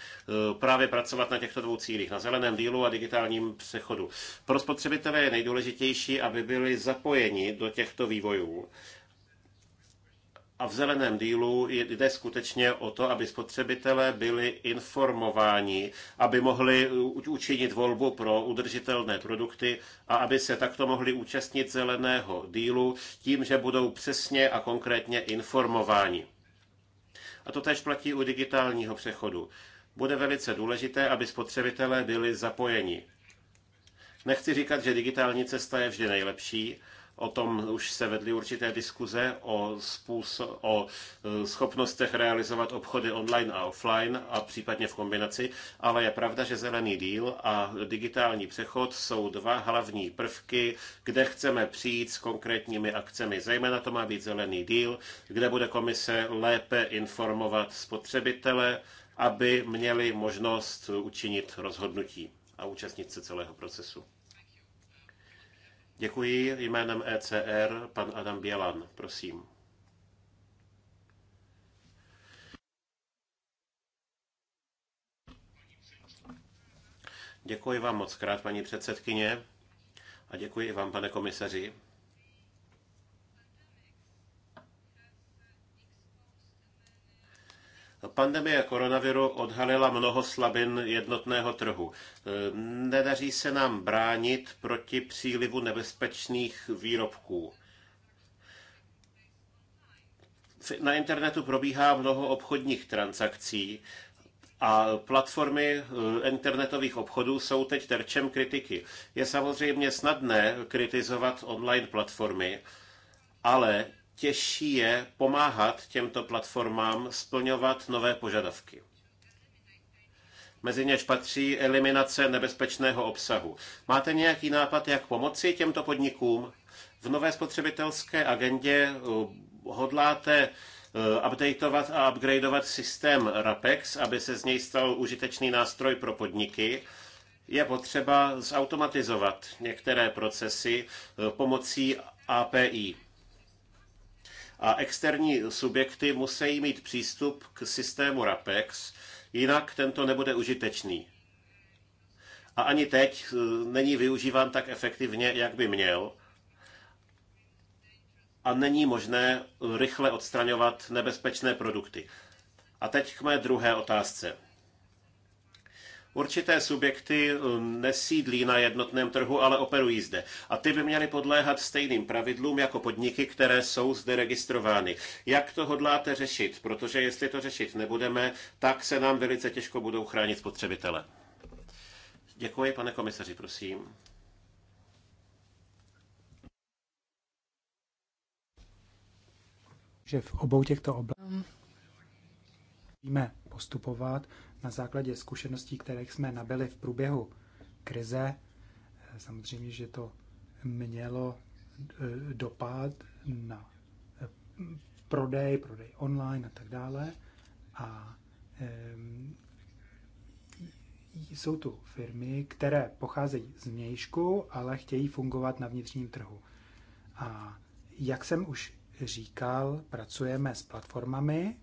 právě pracovat na těchto dvou cílích, na zeleném dílu a digitálním přechodu. Pro spotřebitele je nejdůležitější, aby byli zapojeni do těchto vývojů a v zeleném dílu jde skutečně o to, aby spotřebitelé byli informováni, aby mohli učinit volbu pro udržitelné produkty a aby se takto mohli účastnit zeleného dílu tím, že budou přesně a konkrétně informováni. A to tež platí u digitálního přechodu. Bude velice důležité, aby spotřebitelé byli zapojeni. Nechci říkat, že digitální cesta je vždy nejlepší, O tom už se vedly určité diskuze o, způso- o e, schopnostech realizovat obchody online a offline a případně v kombinaci, ale je pravda, že zelený díl a digitální přechod jsou dva hlavní prvky, kde chceme přijít s konkrétními akcemi. Zejména to má být zelený díl, kde bude komise lépe informovat spotřebitele, aby měli možnost učinit rozhodnutí a účastnit se celého procesu. Děkuji. Jménem ECR pan Adam Bělan, prosím. Děkuji vám moc krát, paní předsedkyně, a děkuji i vám, pane komisaři. Pandemie koronaviru odhalila mnoho slabin jednotného trhu. E, nedaří se nám bránit proti přílivu nebezpečných výrobků. Na internetu probíhá mnoho obchodních transakcí a platformy e, internetových obchodů jsou teď terčem kritiky. Je samozřejmě snadné kritizovat online platformy, ale těžší je pomáhat těmto platformám splňovat nové požadavky. Mezi něž patří eliminace nebezpečného obsahu. Máte nějaký nápad, jak pomoci těmto podnikům? V nové spotřebitelské agendě uh, hodláte uh, updateovat a upgradeovat systém RAPEX, aby se z něj stal užitečný nástroj pro podniky. Je potřeba zautomatizovat některé procesy uh, pomocí API a externí subjekty musí mít přístup k systému RAPEX, jinak tento nebude užitečný. A ani teď e, není využíván tak efektivně, jak by měl. A není možné rychle odstraňovat nebezpečné produkty. A teď k mé druhé otázce. Určité subjekty eh, nesídlí na jednotném trhu, ale operují zde. A ty by měly podléhat stejným pravidlům jako podniky, které jsou zde registrovány. Jak to hodláte řešit? Protože jestli to řešit nebudeme, tak se nám velice těžko budou chránit spotřebitele. Děkuji, pane komisaři, prosím. Že v obou těchto oblastech víme postupovat na základě zkušeností, které jsme nabili v průběhu krize. Samozřejmě, že to mělo e, dopad na e, prodej, prodej online a tak dále. A e, jsou tu firmy, které pocházejí z mějšku, ale chtějí fungovat na vnitřním trhu. A jak jsem už říkal, pracujeme s platformami,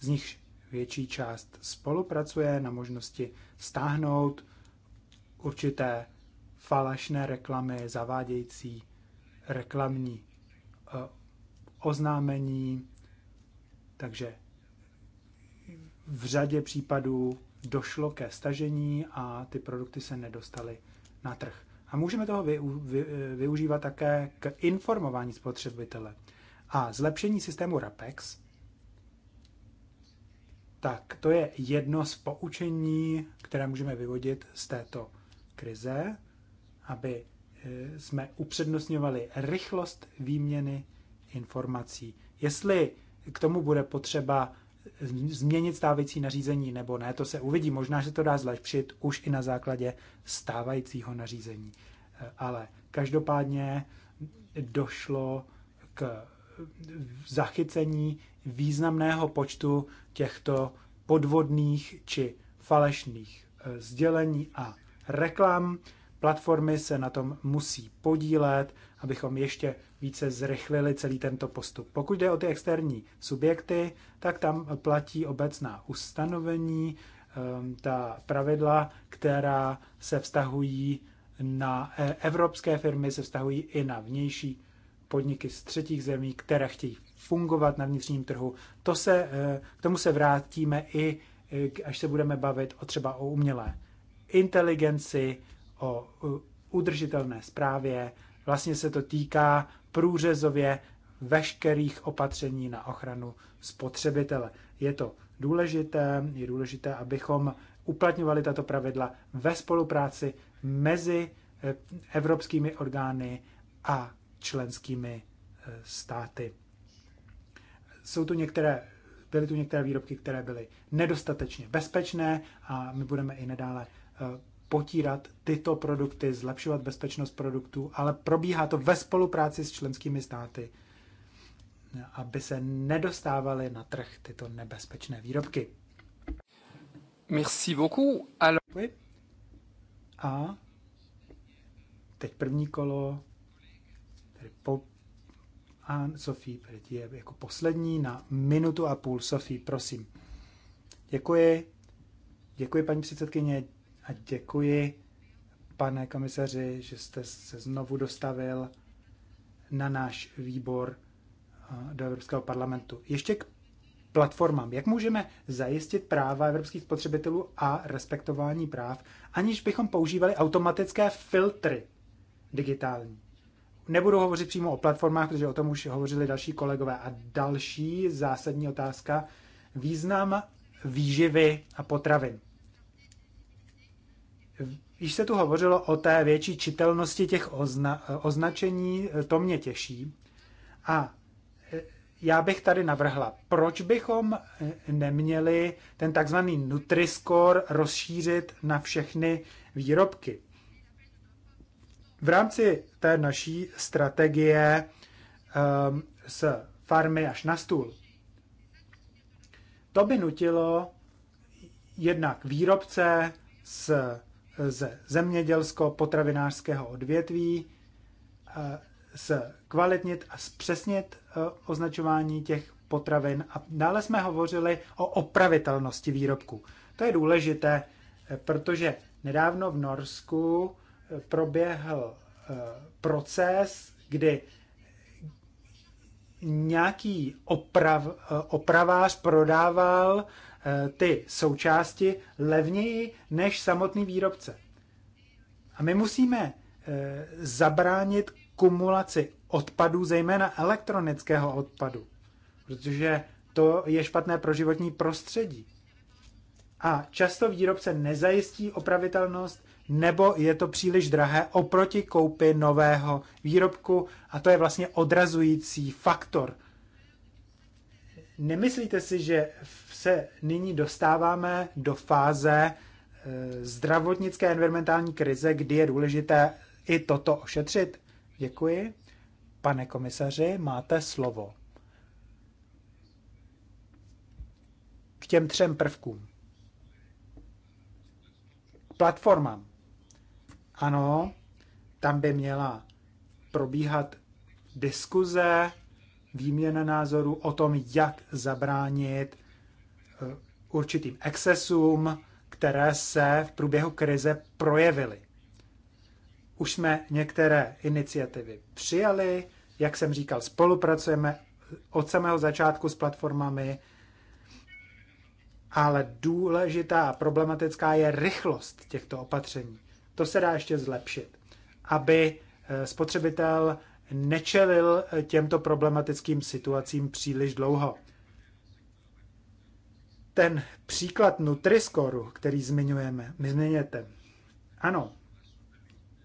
z nich větší část spolupracuje na možnosti stáhnout určité falešné reklamy, zavádějící reklamní eh, oznámení, takže v řadě případů došlo ke stažení a ty produkty se nedostaly na trh. A můžeme toho využívat také k informování spotřebitele. A zlepšení systému RAPEX tak to je jedno z poučení, které můžeme vyvodit z této krize, aby eh, jsme upřednostňovali rychlost výměny informací. Jestli k tomu bude potřeba změnit stávající nařízení nebo ne, to se uvidí. Možná se to dá zlepšit už i na základě stávajícího nařízení. Eh, ale každopádně došlo k hm, zachycení významného počtu těchto podvodných či falešných eh, sdělení a reklam. Platformy se na tom musí podílet, abychom ještě více zrychlili celý tento postup. Pokud jde o ty externí subjekty, tak tam platí obecná ustanovení, ehm, ta pravidla, která se vztahují na eh, evropské firmy, se vztahují i na vnější podniky z třetích zemí, které chtějí fungovat na vnitřním trhu. To se, eh, k tomu se vrátíme i, eh, až se budeme bavit o třeba o umělé inteligenci, o udržitelné správě. Vlastně se to týká průřezově veškerých opatření na ochranu spotřebitele. Je to důležité, je důležité, abychom uplatňovali tato pravidla ve spolupráci mezi eh, evropskými orgány a členskými státy jsou tu některé, byly tu některé výrobky, které byly nedostatečně bezpečné a my budeme i nadále eh, potírat tyto produkty, zlepšovat bezpečnost produktů, ale probíhá to ve spolupráci s členskými státy, aby se nedostávaly na trh tyto nebezpečné výrobky. Merci beaucoup. Alors... A teď první kolo, tedy po, a Sofie Pelletier je jako poslední na minutu a půl. Sofie, prosím. Děkuji. Děkuji, paní předsedkyně, a děkuji, pane komisaři, že jste se znovu dostavil na náš výbor eh, do Evropského parlamentu. Ještě k platformám. Jak můžeme zajistit práva evropských spotřebitelů a respektování práv, aniž bychom používali automatické filtry digitální? Nebudu hovořit přímo o platformách, protože o tom už hovořili další kolegové. A další zásadní otázka, význam výživy a potravin. Když se tu hovořilo o té větší čitelnosti těch ozna, označení, to mě těší. A e, já bych tady navrhla, proč bychom e, neměli ten takzvaný Nutriscore rozšířit na všechny výrobky. V rámci té naší strategie um, ehm, z farmy až na stůl, to by nutilo jednak výrobce z, z zemědělsko-potravinářského odvětví eh, s kvalitnit a zpřesnit eh, označování těch potravin. A dále jsme hovořili o opravitelnosti výrobku. To je důležité, eh, protože nedávno v Norsku proběhl eh, proces, kdy nějaký oprav, eh, opravář prodával eh, ty součásti levněji než samotný výrobce. A my musíme zabránit kumulaci odpadů, zejména elektronického odpadu, protože to je špatné pro životní prostředí. A často výrobce nezajistí opravitelnost nebo je to příliš drahé oproti koupi nového výrobku a to je vlastně odrazující faktor. Nemyslíte si, že se nyní dostáváme do fáze eh, zdravotnické environmentální krize, kdy je důležité i toto ošetřit? Děkuji. Pane komisaři, máte slovo. K těm třem prvkům. Platformám. Ano, tam by měla probíhat diskuze, výměna názorů o tom, jak zabránit eh, určitým excesům, které se v průběhu krize projevily. Už jsme některé iniciativy přijali, jak jsem říkal, spolupracujeme od samého začátku s platformami, ale důležitá a problematická je rychlost těchto opatření to se dá ještě zlepšit, aby eh, spotřebitel nečelil eh, těmto problematickým situacím příliš dlouho. Ten příklad Nutriscoru, který zmiňujeme, my zmiňujete, ano,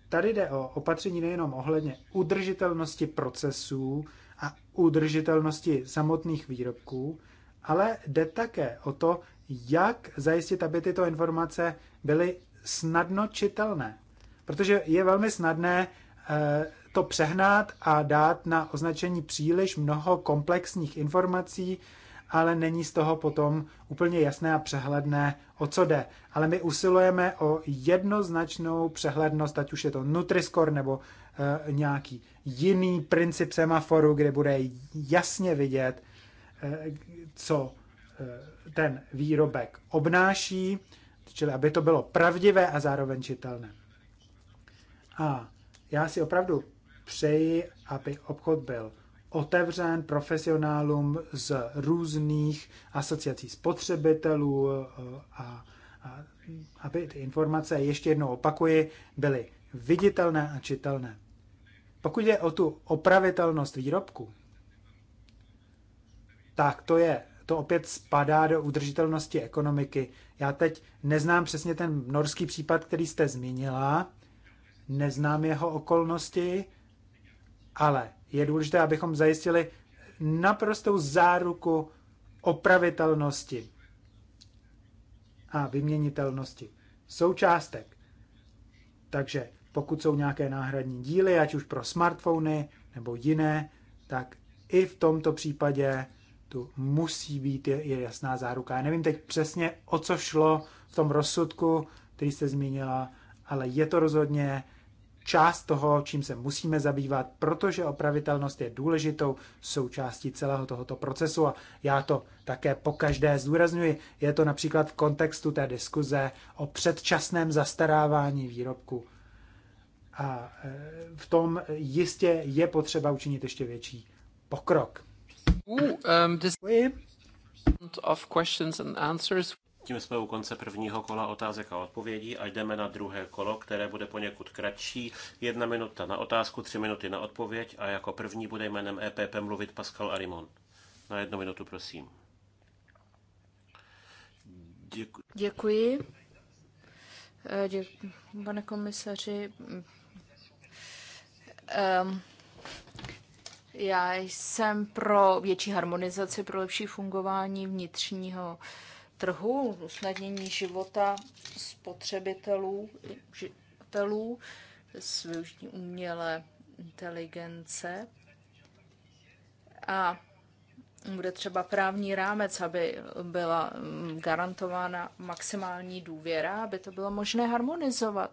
tady jde o opatření nejenom ohledně udržitelnosti procesů a udržitelnosti samotných výrobků, ale jde také o to, jak zajistit, aby tyto informace byly snadno čitelné. Protože je velmi snadné eh, to přehnat a dát na označení příliš mnoho komplexních informací, ale není z toho potom úplně jasné a přehledné, o co jde. Ale my usilujeme o jednoznačnou přehlednost, ať už je to Nutriscore nebo e, nějaký jiný princip semaforu, kde bude jasně vidět, e, co e, ten výrobek obnáší Čili aby to bylo pravdivé a zároveň čitelné. A já si opravdu přeji, aby obchod byl otevřen profesionálům z různých asociací spotřebitelů e, a, a aby ty informace, ještě jednou opakuji, byly viditelné a čitelné. Pokud je o tu opravitelnost výrobku, tak to je, to opět spadá do udržitelnosti ekonomiky já teď neznám přesně ten norský případ, který jste zmínila, neznám jeho okolnosti, ale je důležité, abychom zajistili naprostou záruku opravitelnosti a vyměnitelnosti součástek. Takže pokud jsou nějaké náhradní díly, ať už pro smartfony nebo jiné, tak i v tomto případě tu musí být je jasná záruka. Já nevím teď přesně, o co šlo v tom rozsudku, který jste zmínila, ale je to rozhodně část toho, čím se musíme zabývat, protože opravitelnost je důležitou součástí celého tohoto procesu a já to také pokaždé zdůraznuji. Je to například v kontextu té diskuze o předčasném zastarávání výrobku. A e, v tom jistě je potřeba učinit ještě větší pokrok. Um, Tím jsme u konce prvního kola otázek a odpovědí a jdeme na druhé kolo, které bude poněkud kratší. Jedna minuta na otázku, tři minuty na odpověď a jako první bude jménem EPP mluvit Pascal Arimon. Na jednu minutu, prosím. Děkuji. Děkuji. Eh, Děkuji, pane komisaři. Um, já jsem pro větší harmonizaci, pro lepší fungování vnitřního trhu, usnadnění života spotřebitelů, žitelů s využitím umělé inteligence. A bude třeba právní rámec, aby byla mm, garantována maximální důvěra, aby to bylo možné harmonizovat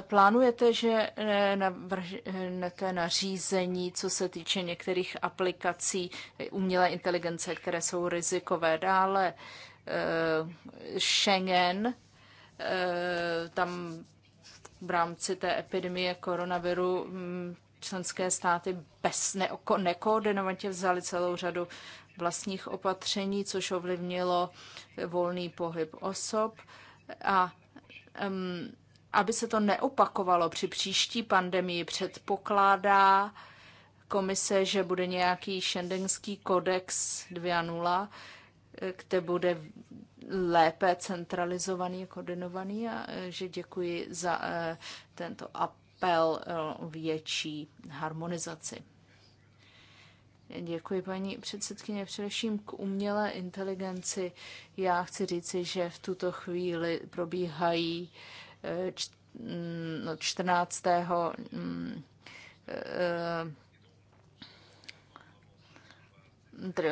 Plánujete, že eh, navrhnete eh, nařízení, co se týče některých aplikací eh, umělé inteligence, které jsou rizikové. Dále Schengen, tam v rámci té epidemie koronaviru hm, členské státy bez neko, nekoordinovaně vzali celou řadu vlastních opatření, což ovlivnilo volný pohyb osob. A um, aby se to neopakovalo při příští pandemii, předpokládá komise, že bude nějaký šendenský kodex 2.0, který bude lépe centralizovaný a koordinovaný a eh, že děkuji za eh, tento apel eh, větší harmonizaci. Děkuji, paní předsedkyně. Především k umělé inteligenci. Já chci říci, že v tuto chvíli probíhají 14. Mm, no, mm, eh, tedy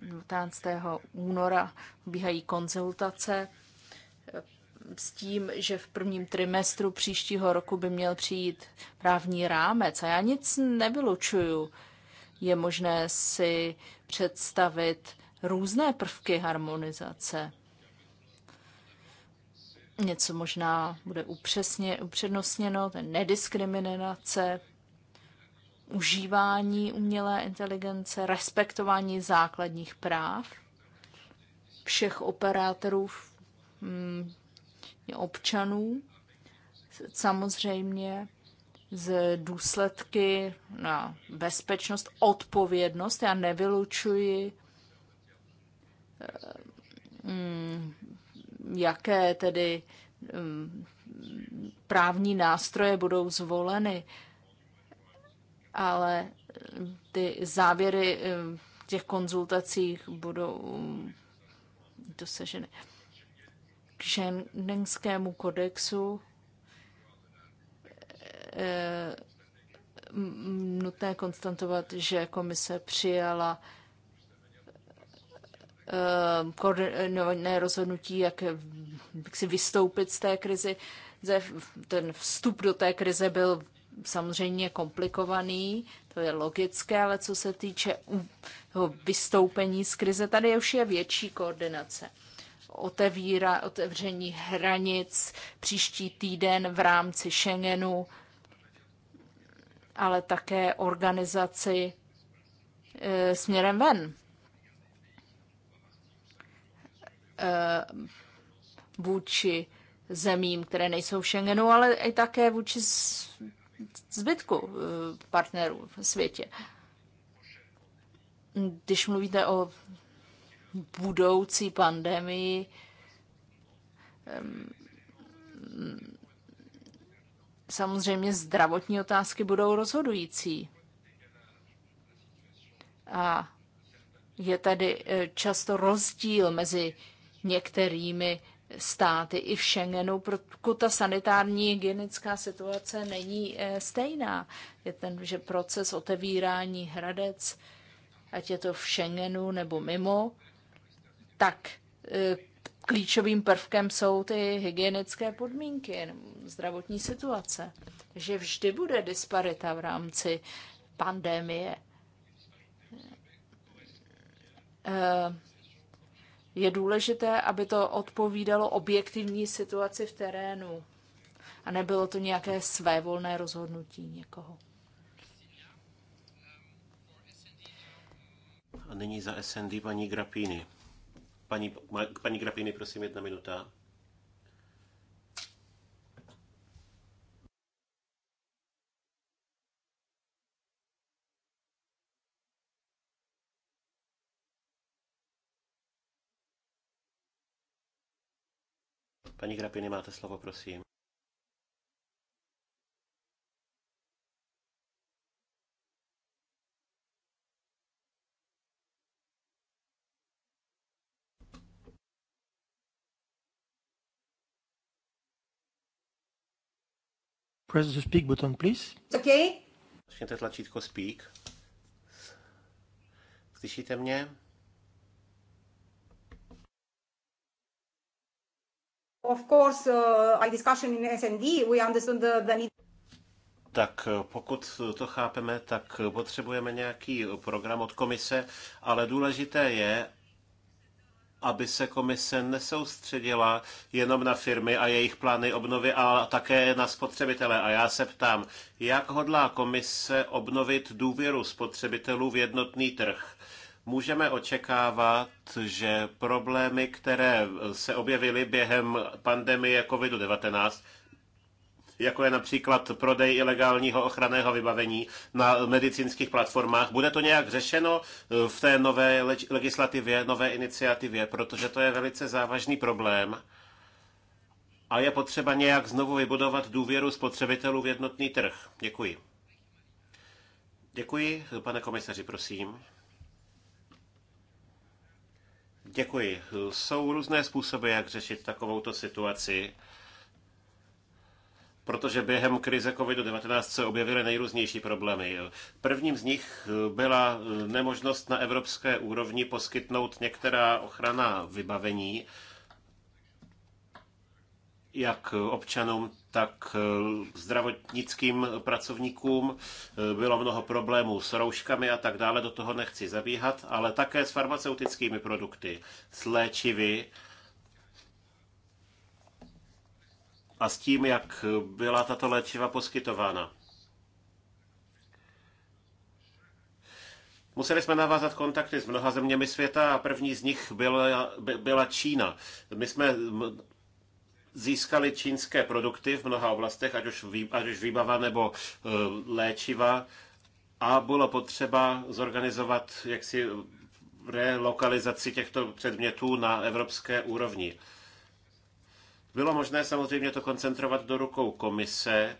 19. Eh, mm, února bíhají konzultace eh, s tím, že v prvním trimestru příštího roku by měl přijít právní rámec. A já nic nevylučuju. Je možné si představit různé prvky harmonizace něco možná bude upřesně, upřednostněno, ten nediskriminace, užívání umělé inteligence, respektování základních práv všech operátorů, hm, občanů, samozřejmě z důsledky na bezpečnost, odpovědnost. Já nevylučuji eh, hm, jaké tedy mm, právní nástroje budou zvoleny, ale ty závěry mm, těch konzultacích budou mm, dosaženy. K ženskému kodexu e, nutné konstatovat, že komise přijala Eh, koordinované rozhodnutí, jak, jak si vystoupit z té krizi. Ten vstup do té krize byl samozřejmě komplikovaný, to je logické, ale co se týče toho vystoupení z krize, tady už je větší koordinace. Otevíra, otevření hranic příští týden v rámci Schengenu, ale také organizaci e, směrem ven. Eh, vůči zemím, které nejsou v Schengenu, ale i také vůči zbytku eh, partnerů v světě. Když mluvíte o budoucí pandemii, ehm, samozřejmě zdravotní otázky budou rozhodující. A je tady eh, často rozdíl mezi některými státy i v Schengenu, protože ta sanitární hygienická situace není eh, stejná. Je ten, že proces otevírání hradec, ať je to v Schengenu nebo mimo, tak eh, klíčovým prvkem jsou ty hygienické podmínky, zdravotní situace. že vždy bude disparita v rámci pandémie. Eh, je důležité, aby to odpovídalo objektivní situaci v terénu a nebylo to nějaké svévolné rozhodnutí někoho. A nyní za SND paní Grapíny. Paní, paní Grapíny, prosím, jedna minuta. Paní Grapiny, máte slovo, prosím. Press the speak button, please. Okay. Začněte tlačítko speak. Slyšíte mě? Of course, uh, I discussion in SND, we understand the, the need tak eh, pokud to chápeme, tak potřebujeme nějaký program od komise, ale důležité je, aby se komise nesoustředila jenom na firmy a jejich plány obnovy, ale také na spotřebitele. A já se ptám, jak hodlá komise obnovit důvěru spotřebitelů v jednotný trh? můžeme očekávat, že problémy, které eh, se objevily během pandemie COVID-19, jako je například prodej ilegálního ochranného vybavení na medicínských platformách. Bude to nějak řešeno eh, v té nové legislativě, nové iniciativě, protože to je velice závažný problém a je potřeba nějak znovu vybudovat důvěru spotřebitelů v jednotný trh. Děkuji. Děkuji, pane komisaři, prosím. Děkuji. Jsou různé způsoby, jak řešit takovouto situaci, protože během krize COVID-19 se objevily nejrůznější problémy. Prvním z nich byla nemožnost na evropské úrovni poskytnout některá ochrana vybavení, jak občanům, tak eh, zdravotnickým pracovníkům eh, bylo mnoho problémů s rouškami a tak dále, do toho nechci zabíhat, ale také s farmaceutickými produkty, s léčivy, a s tím, jak byla tato léčiva poskytována. Museli jsme navázat kontakty s mnoha zeměmi světa a první z nich byla, byla Čína. My jsme získali čínské produkty v mnoha oblastech, ať už, vý, ať už výbava nebo e, léčiva, a bylo potřeba zorganizovat jaksi relokalizaci těchto předmětů na evropské úrovni. Bylo možné samozřejmě to koncentrovat do rukou komise,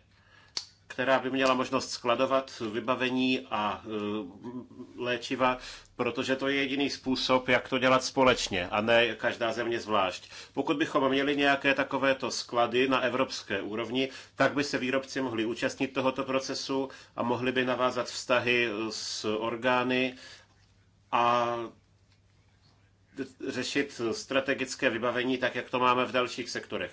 která by měla možnost skladovat vybavení a e, léčiva, protože to je jediný způsob, jak to dělat společně a ne každá země zvlášť. Pokud bychom měli nějaké takovéto sklady na evropské úrovni, tak by se výrobci mohli účastnit tohoto procesu a mohli by navázat vztahy s orgány a řešit strategické vybavení tak, jak to máme v dalších sektorech.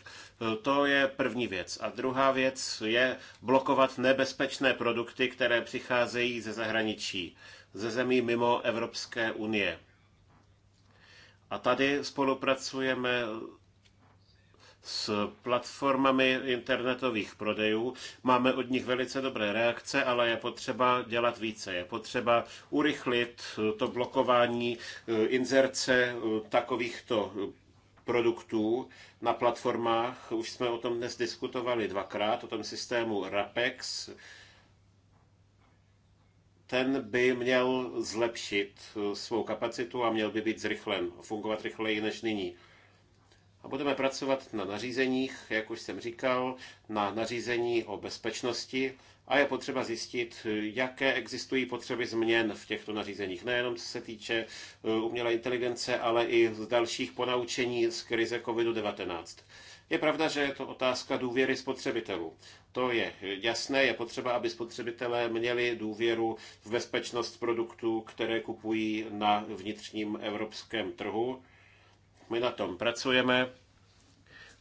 To je první věc. A druhá věc je blokovat nebezpečné produkty, které přicházejí ze zahraničí, ze zemí mimo Evropské unie. A tady spolupracujeme s platformami internetových prodejů. Máme od nich velice dobré reakce, ale je potřeba dělat více. Je potřeba urychlit to blokování eh, inzerce eh, takovýchto eh, produktů na platformách. Už jsme o tom dnes diskutovali dvakrát, o tom systému RAPEX. Ten by měl zlepšit svou kapacitu a měl by být zrychlen, fungovat rychleji než nyní. A budeme pracovat na nařízeních, jak už jsem říkal, na nařízení o bezpečnosti a je potřeba zjistit, jaké existují potřeby změn v těchto nařízeních. Nejenom co se týče e, umělé inteligence, ale i z dalších ponaučení z krize COVID-19. Je pravda, že je to otázka důvěry spotřebitelů. To je jasné, je potřeba, aby spotřebitelé měli důvěru v bezpečnost produktů, které kupují na vnitřním evropském trhu. My na tom pracujeme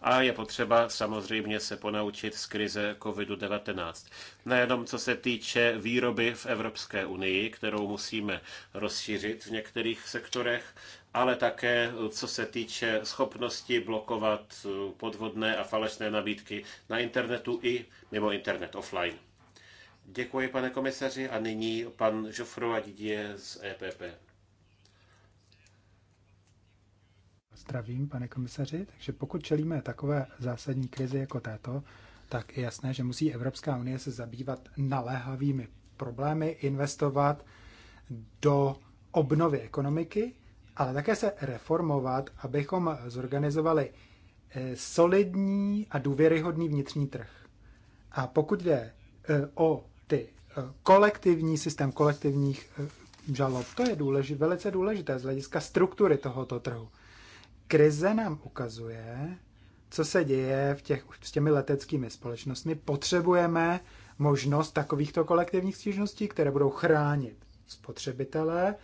a je potřeba samozřejmě se ponaučit z krize COVID-19. Nejenom co se týče výroby v Evropské unii, kterou musíme rozšířit v některých sektorech, ale také co se týče schopnosti blokovat podvodné a falešné nabídky na internetu i mimo internet offline. Děkuji, pane komisaři, a nyní pan Joffro a Didier z EPP. Zdravím, pane komisaři. Takže pokud čelíme takové zásadní krizi jako této, tak je jasné, že musí Evropská unie se zabývat naléhavými problémy, investovat do obnovy ekonomiky, ale také se reformovat, abychom zorganizovali eh, solidní a důvěryhodný vnitřní trh. A pokud jde eh, o ty eh, kolektivní systém kolektivních žalob, to je důležité, velice důležité z hlediska struktury tohoto trhu krize nám ukazuje, co se děje v těch, s těmi leteckými společnostmi. Potřebujeme možnost takovýchto kolektivních stížností, které budou chránit spotřebitele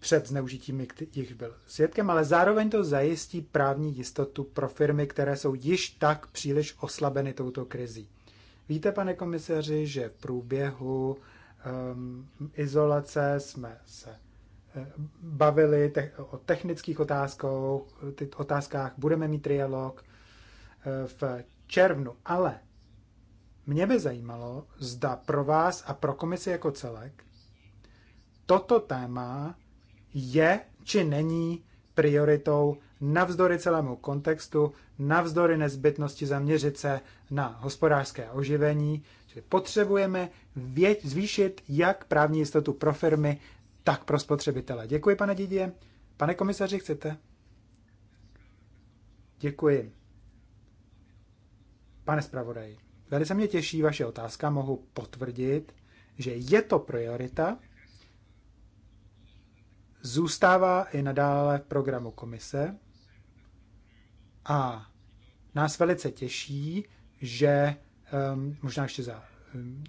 před zneužitím, jich byl svědkem, ale zároveň to zajistí právní jistotu pro firmy, které jsou již tak příliš oslabeny touto krizí. Víte, pane komisaři, že v průběhu um, izolace jsme se bavili te- o technických otázkou, ty otázkách, budeme mít trialog eh, v červnu, ale mě by zajímalo, zda pro vás a pro komisi jako celek toto téma je či není prioritou navzdory celému kontextu, navzdory nezbytnosti zaměřit se na hospodářské oživení, že potřebujeme věť, zvýšit jak právní jistotu pro firmy, tak pro spotřebitele. Děkuji, pane Didě. Pane komisaři, chcete? Děkuji. Pane zpravodaji, velice mě těší vaše otázka. Mohu potvrdit, že je to priorita. Zůstává i nadále v programu komise a nás velice těší, že um, možná ještě za um,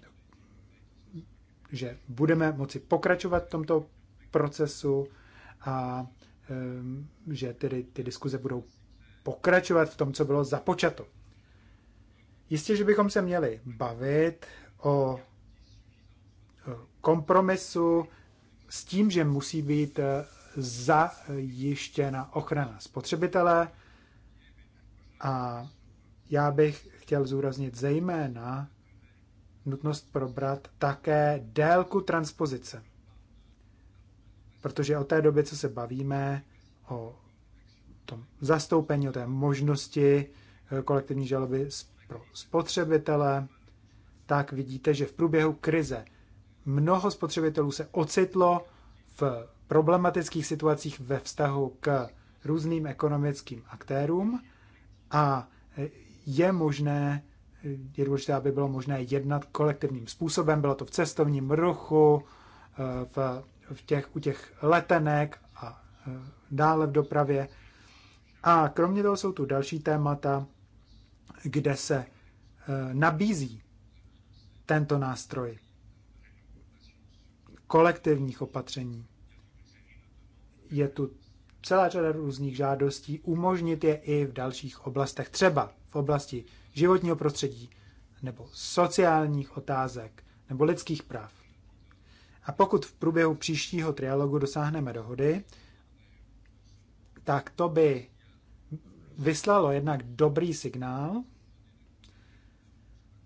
že budeme moci pokračovat v tomto procesu a že tedy ty diskuze budou pokračovat v tom, co bylo započato. Jistě, že bychom se měli bavit o kompromisu s tím, že musí být e, zajištěna ochrana spotřebitele a já bych chtěl zúraznit zejména nutnost probrat také délku transpozice. Protože od té doby, co se bavíme o tom zastoupení, o té možnosti eh, kolektivní žaloby pro spotřebitele, tak vidíte, že v průběhu krize mnoho spotřebitelů se ocitlo v problematických situacích ve vztahu k různým ekonomickým aktérům a je možné je důležité, aby bylo možné jednat kolektivním způsobem. Bylo to v cestovním ruchu, eh, v, v těch, u těch letenek a eh, dále v dopravě. A kromě toho jsou tu další témata, kde se eh, nabízí tento nástroj kolektivních opatření. Je tu celá řada různých žádostí, umožnit je i v dalších oblastech, třeba v oblasti životního prostředí nebo sociálních otázek nebo lidských práv. A pokud v průběhu příštího trialogu dosáhneme dohody, tak to by vyslalo jednak dobrý signál,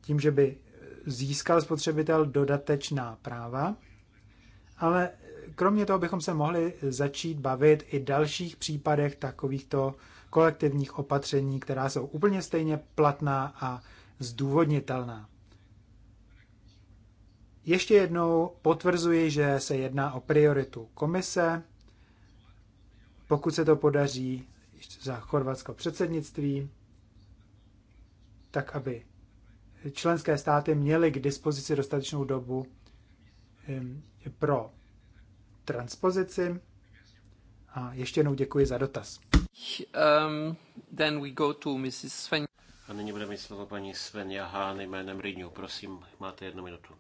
tím, že by získal spotřebitel dodatečná práva, ale kromě toho bychom se mohli začít bavit i dalších případech takovýchto kolektivních opatření, která jsou úplně stejně platná a zdůvodnitelná. Ještě jednou potvrzuji, že se jedná o prioritu komise. Pokud se to podaří za chorvatsko předsednictví, tak aby členské státy měly k dispozici dostatečnou dobu pro transpozici. A ještě jednou děkuji za dotaz. Um, then we go to Mrs. Sven. A nyní bude mít slovo paní Svenja Hán jménem Renew. Prosím, máte jednu minutu.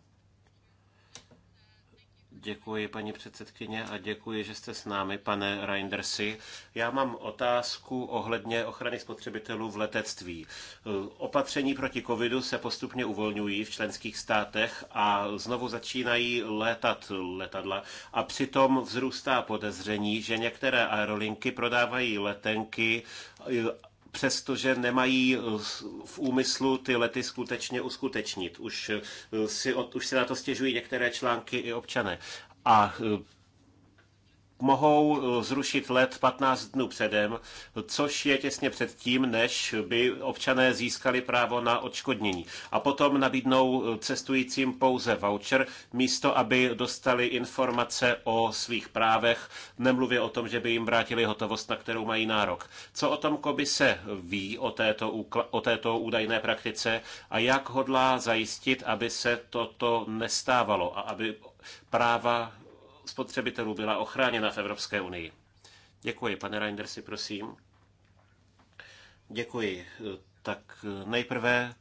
Děkuji, paní předsedkyně, a děkuji, že jste s námi, pane Reindersi. Já mám otázku ohledně ochrany spotřebitelů v letectví. Opatření proti covidu se postupně uvolňují v členských státech a znovu začínají létat letadla. A přitom vzrůstá podezření, že některé aerolinky prodávají letenky přestože nemají eh, v úmyslu ty lety skutečně uskutečnit. Už eh, si, už si na to stěžují některé články i občané. A eh, mohou eh, zrušit let 15 dnů předem, což je těsně před tím, než by občané získali právo na odškodnění. A potom nabídnou eh, cestujícím pouze voucher, místo aby dostali informace o svých právech, nemluvě o tom, že by jim vrátili hotovost, na kterou mají nárok. Co o tom komise ví o této, o této údajné praktice a jak hodlá zajistit, aby se toto nestávalo a aby práva spotřebitelů byla ochráněna v Evropské unii. Děkuji, pane Reindersi, prosím. Děkuji. Tak nejprve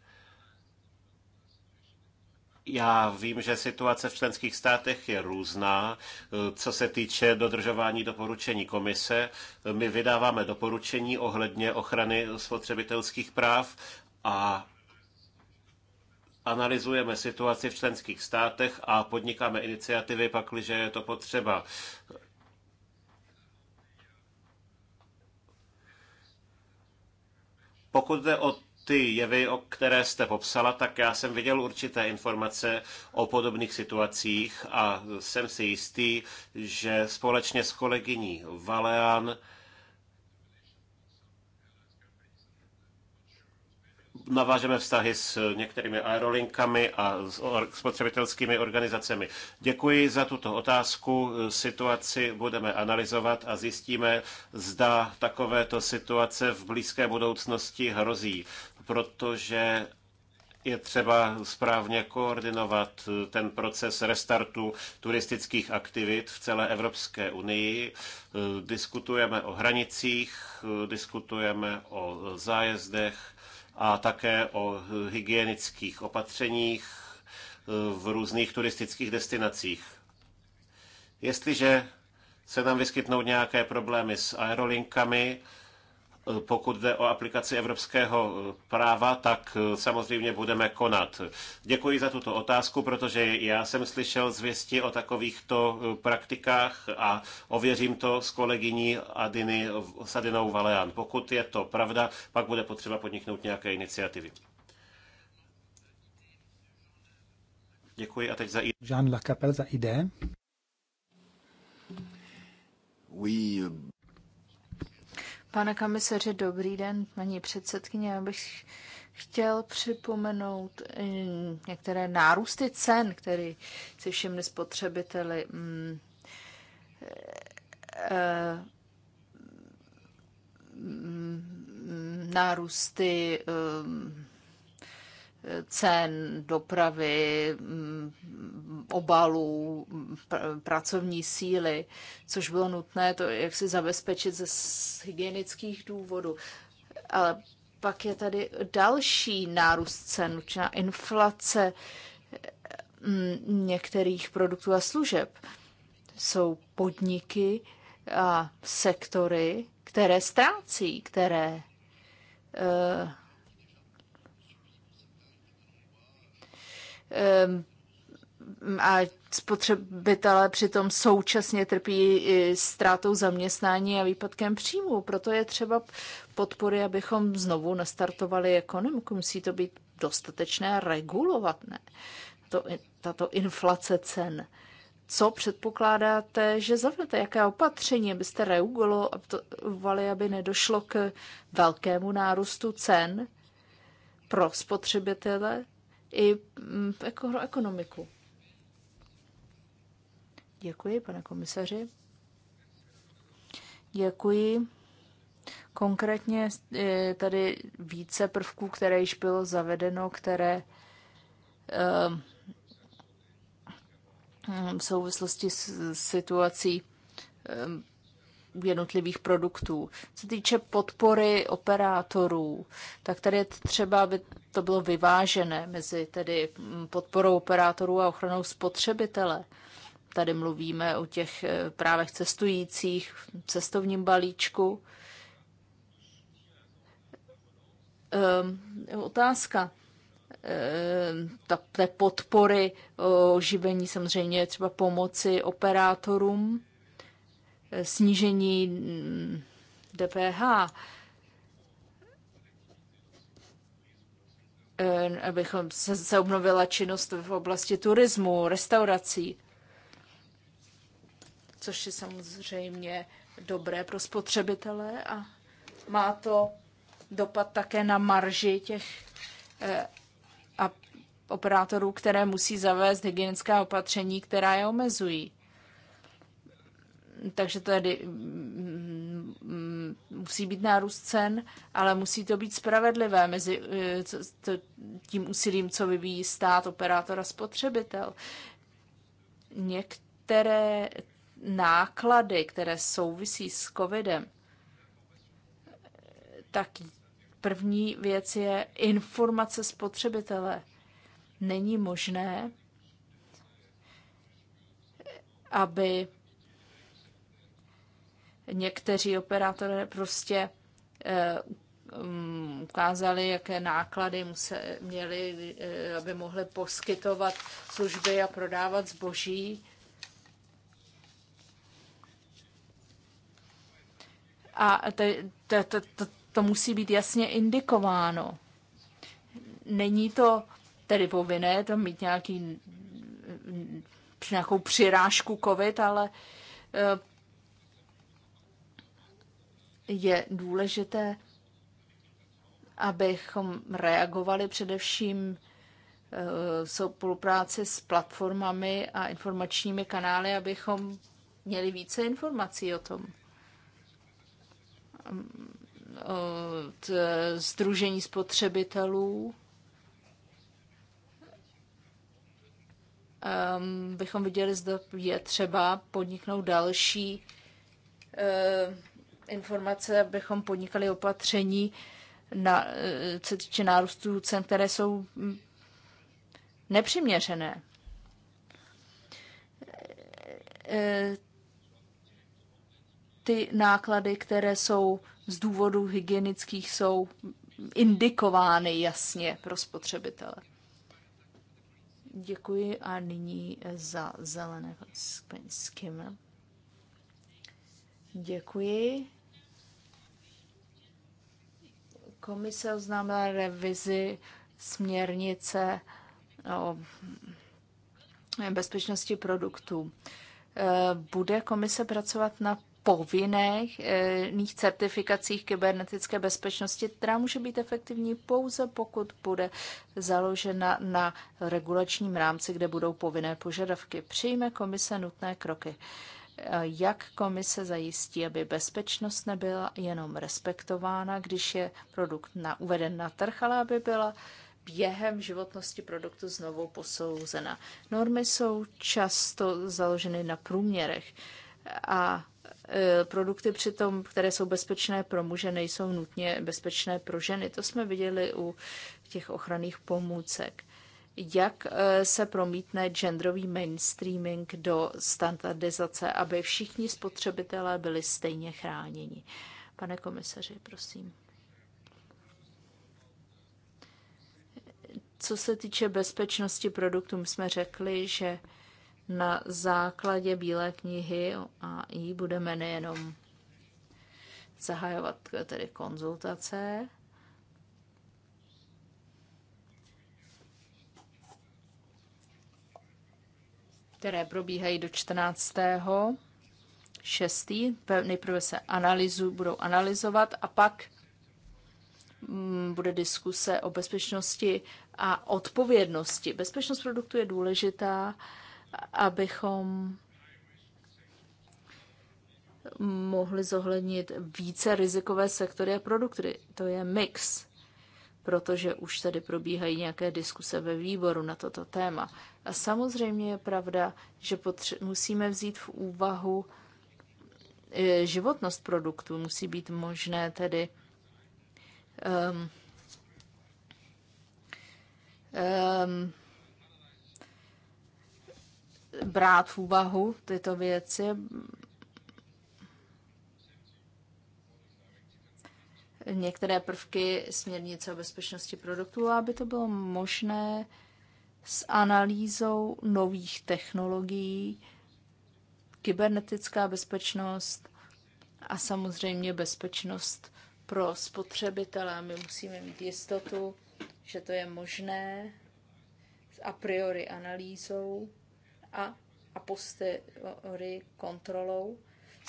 já vím, že situace v členských státech je různá, co se týče dodržování doporučení komise. My vydáváme doporučení ohledně ochrany spotřebitelských práv a analyzujeme situaci v členských státech a podnikáme iniciativy, pakliže je to potřeba. Pokud jde o ty jevy, o které jste popsala, tak já jsem viděl určité informace o podobných situacích a jsem si jistý, že společně s kolegyní Valean navážeme vztahy s některými aerolinkami a s spotřebitelskými organizacemi. Děkuji za tuto otázku. Situaci budeme analyzovat a zjistíme, zda takovéto situace v blízké budoucnosti hrozí, protože je třeba správně koordinovat ten proces restartu turistických aktivit v celé Evropské unii. Diskutujeme o hranicích, diskutujeme o zájezdech a také o hygienických opatřeních eh, v různých turistických destinacích. Jestliže se tam vyskytnou nějaké problémy s aerolinkami, pokud jde o aplikaci evropského eh, práva, tak eh, samozřejmě budeme konat. Děkuji za tuto otázku, protože já jsem slyšel zvěsti o takovýchto eh, praktikách a ověřím to s kolegyní Adiny Sadinou Valean. Pokud je to pravda, pak bude potřeba podniknout nějaké iniciativy. Děkuji a teď za Jean za ID. Oui. Pane komisaři, dobrý den, paní předsedkyně. Já bych chtěl připomenout eh, některé nárůsty cen, které si všimli spotřebiteli. Mm. Eh, mm, mm, nárůsty eh, cen, dopravy, mm, obalů, pr- pracovní síly, což bylo nutné to jak si zabezpečit ze hygienických důvodů. Ale pak je tady další nárůst cen, určitá inflace mm, některých produktů a služeb. Jsou podniky a sektory, které ztrácí, které uh, Ehm, a spotřebitelé přitom současně trpí ztrátou zaměstnání a výpadkem příjmů. Proto je třeba podpory, abychom znovu nastartovali ekonomiku. Musí to být dostatečné a regulovatné, to, tato inflace cen. Co předpokládáte, že zavedete? Jaké opatření byste regulovali, aby nedošlo k velkému nárůstu cen pro spotřebitele? i mm, v ekonomiku. Děkuji, pane komisaři. Děkuji. Konkrétně e, tady více prvků, které již bylo zavedeno, které e, mm, v souvislosti s situací e, jednotlivých produktů. Co týče podpory operátorů, tak tady je třeba, aby to bylo vyvážené mezi tedy mm, podporou operátorů a ochranou spotřebitele. Tady mluvíme o těch e, právech cestujících, cestovním balíčku. Ehm, otázka ehm, ta, té podpory oživení samozřejmě třeba pomoci operátorům Eh, snížení mm, DPH, eh, abychom se, se obnovila činnost v oblasti turismu, restaurací, což je samozřejmě dobré pro spotřebitele a má to dopad také na marži těch eh, a operátorů, které musí zavést hygienická opatření, která je omezují takže tady mm, mm, musí být nárůst cen, ale musí to být spravedlivé mezi eh, tím úsilím, co vyvíjí stát, operátor a spotřebitel. Některé náklady, které souvisí s covidem, tak první věc je informace spotřebitele. Není možné, aby Někteří operátoré prostě eh, um, ukázali, jaké náklady měli, eh, aby mohli poskytovat služby a prodávat zboží. A to, to, to, to musí být jasně indikováno. Není to tedy povinné to mít nějaký, nějakou přirážku COVID, ale eh, je důležité, abychom reagovali především eh, spolupráci s platformami a informačními kanály, abychom měli více informací o tom. Ehm, od Združení eh, spotřebitelů ehm, bychom viděli, zda je třeba podniknout další eh, informace, abychom podnikali opatření, na, eh, se týče nárůstu cen, které jsou mm, nepřiměřené. Eh, ty náklady, které jsou z důvodu hygienických, jsou indikovány jasně pro spotřebitele. Děkuji a nyní za zelené skimmer. Děkuji. Komise oznámila revizi směrnice o bezpečnosti produktů. Eh, bude komise pracovat na povinných eh, certifikacích kybernetické bezpečnosti, která může být efektivní pouze pokud bude založena na regulačním rámci, kde budou povinné požadavky. Přijme komise nutné kroky. Eh, jak komise zajistí, aby bezpečnost nebyla jenom respektována, když je produkt na, uveden na trh, ale aby byla během životnosti produktu znovu posouzena. Normy jsou často založeny na průměrech a eh, produkty přitom, které jsou bezpečné pro muže, nejsou nutně bezpečné pro ženy. To jsme viděli u těch ochranných pomůcek jak eh, se promítne genderový mainstreaming do standardizace, aby všichni spotřebitelé byli stejně chráněni. Pane komisaři, prosím. Co se týče bezpečnosti produktů, jsme řekli, že na základě Bílé knihy a jí budeme nejenom zahajovat eh, tedy konzultace, které probíhají do 14. 6. Nejprve se analýzu, budou analyzovat a pak mm, bude diskuse o bezpečnosti a odpovědnosti. Bezpečnost produktu je důležitá, abychom mohli zohlednit více rizikové sektory a produkty. To je mix protože už tady probíhají nějaké diskuse ve výboru na toto téma. A samozřejmě je pravda, že musíme vzít v úvahu e, životnost produktu. Musí být možné tedy um, um, brát v úvahu tyto věci, některé prvky směrnice o bezpečnosti produktů, aby to bylo možné s analýzou nových technologií, kybernetická bezpečnost a samozřejmě bezpečnost pro spotřebitele. My musíme mít jistotu, že to je možné s a priori analýzou a a posteriori kontrolou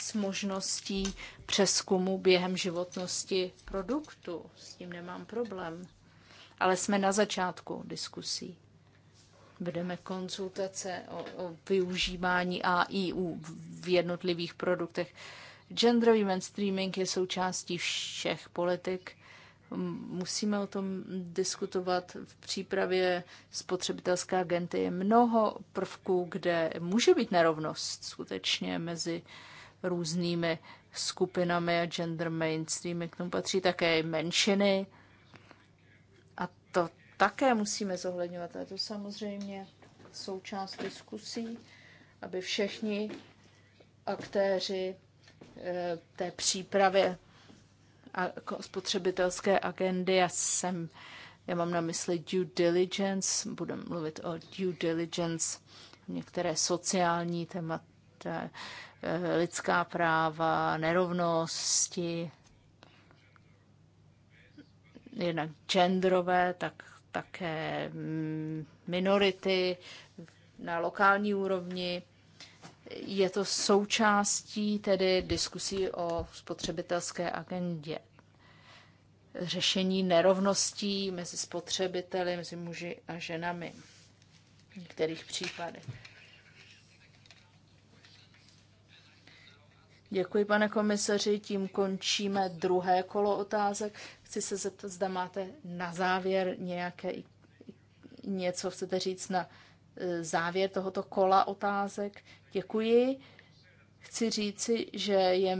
s možností přeskumu během životnosti produktu. S tím nemám problém. Ale jsme na začátku diskusí. Budeme konzultace o, o využívání AI v jednotlivých produktech. Genderový mainstreaming je součástí všech politik. Musíme o tom diskutovat. V přípravě spotřebitelské agenty je mnoho prvků, kde může být nerovnost skutečně mezi uh, různými skupinami a gender mainstreamy. K tomu patří také menšiny. A to také musíme zohledňovat. A to samozřejmě součást diskusí, aby všichni aktéři eh, té přípravy a spotřebitelské agendy, já jsem, já mám na mysli due diligence, budeme mluvit o due diligence, některé sociální témata, Eh, eh, lidská práva, nerovnosti, jednak genderové, tak také mm, minority na lokální úrovni. Je to součástí tedy diskusí o spotřebitelské agendě. Řešení nerovností mezi spotřebiteli, mezi muži a ženami v některých případech. Děkuji, pane komisaři. Tím končíme druhé kolo otázek. Chci se zeptat, zda máte na závěr nějaké něco, chcete říct na e, závěr tohoto kola otázek. Děkuji. Chci říci, že je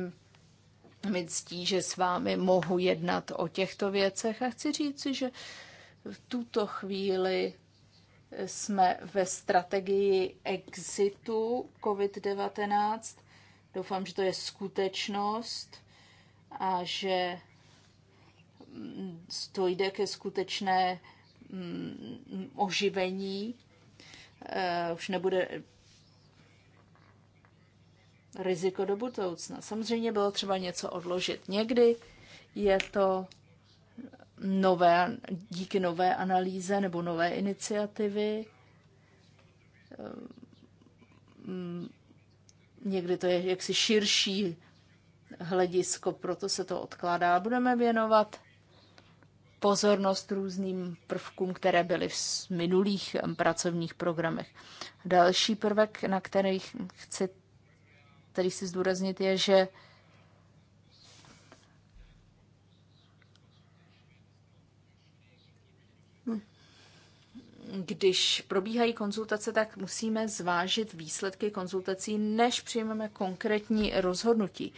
mi ctí, že s vámi mohu jednat o těchto věcech a chci říci, že v tuto chvíli jsme ve strategii exitu COVID-19 Doufám, že to je skutečnost a že mm, to jde ke skutečné mm, oživení. Eh, už nebude riziko do budoucna. Samozřejmě bylo třeba něco odložit. Někdy je to nové, díky nové analýze nebo nové iniciativy eh, mm, Někdy to je jaksi širší hledisko, proto se to odkládá. Budeme věnovat pozornost různým prvkům, které byly v minulých pracovních programech. Další prvek, na který chci, tady si zdůraznit, je, že když probíhají konzultace, tak musíme zvážit výsledky konzultací, než přijmeme konkrétní rozhodnutí.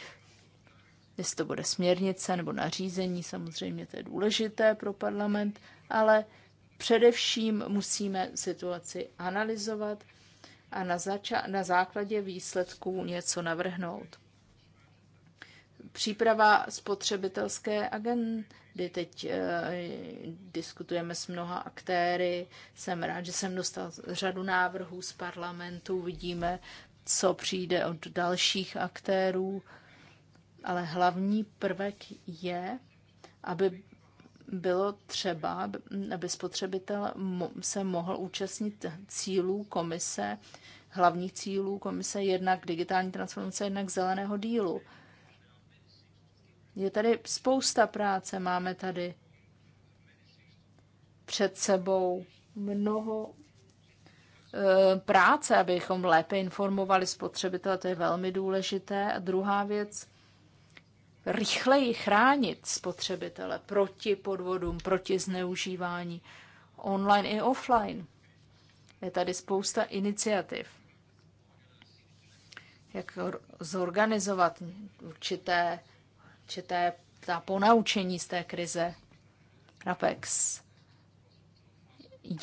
Jestli to bude směrnice nebo nařízení, samozřejmě to je důležité pro parlament, ale především musíme situaci analyzovat a na, zača- na základě výsledků něco navrhnout. Příprava spotřebitelské agendy. Teď e, diskutujeme s mnoha aktéry. Jsem rád, že jsem dostal řadu návrhů z parlamentu. Vidíme, co přijde od dalších aktérů. Ale hlavní prvek je, aby bylo třeba, aby spotřebitel se mohl účastnit cílů komise, hlavních cílů komise, jednak digitální transformace, jednak zeleného dílu. Je tady spousta práce, máme tady před sebou mnoho e, práce, abychom lépe informovali spotřebitele, to je velmi důležité. A druhá věc, rychleji chránit spotřebitele proti podvodům, proti zneužívání online i offline. Je tady spousta iniciativ, jak zorganizovat určité určité ta ponaučení z té krize. RAPEX.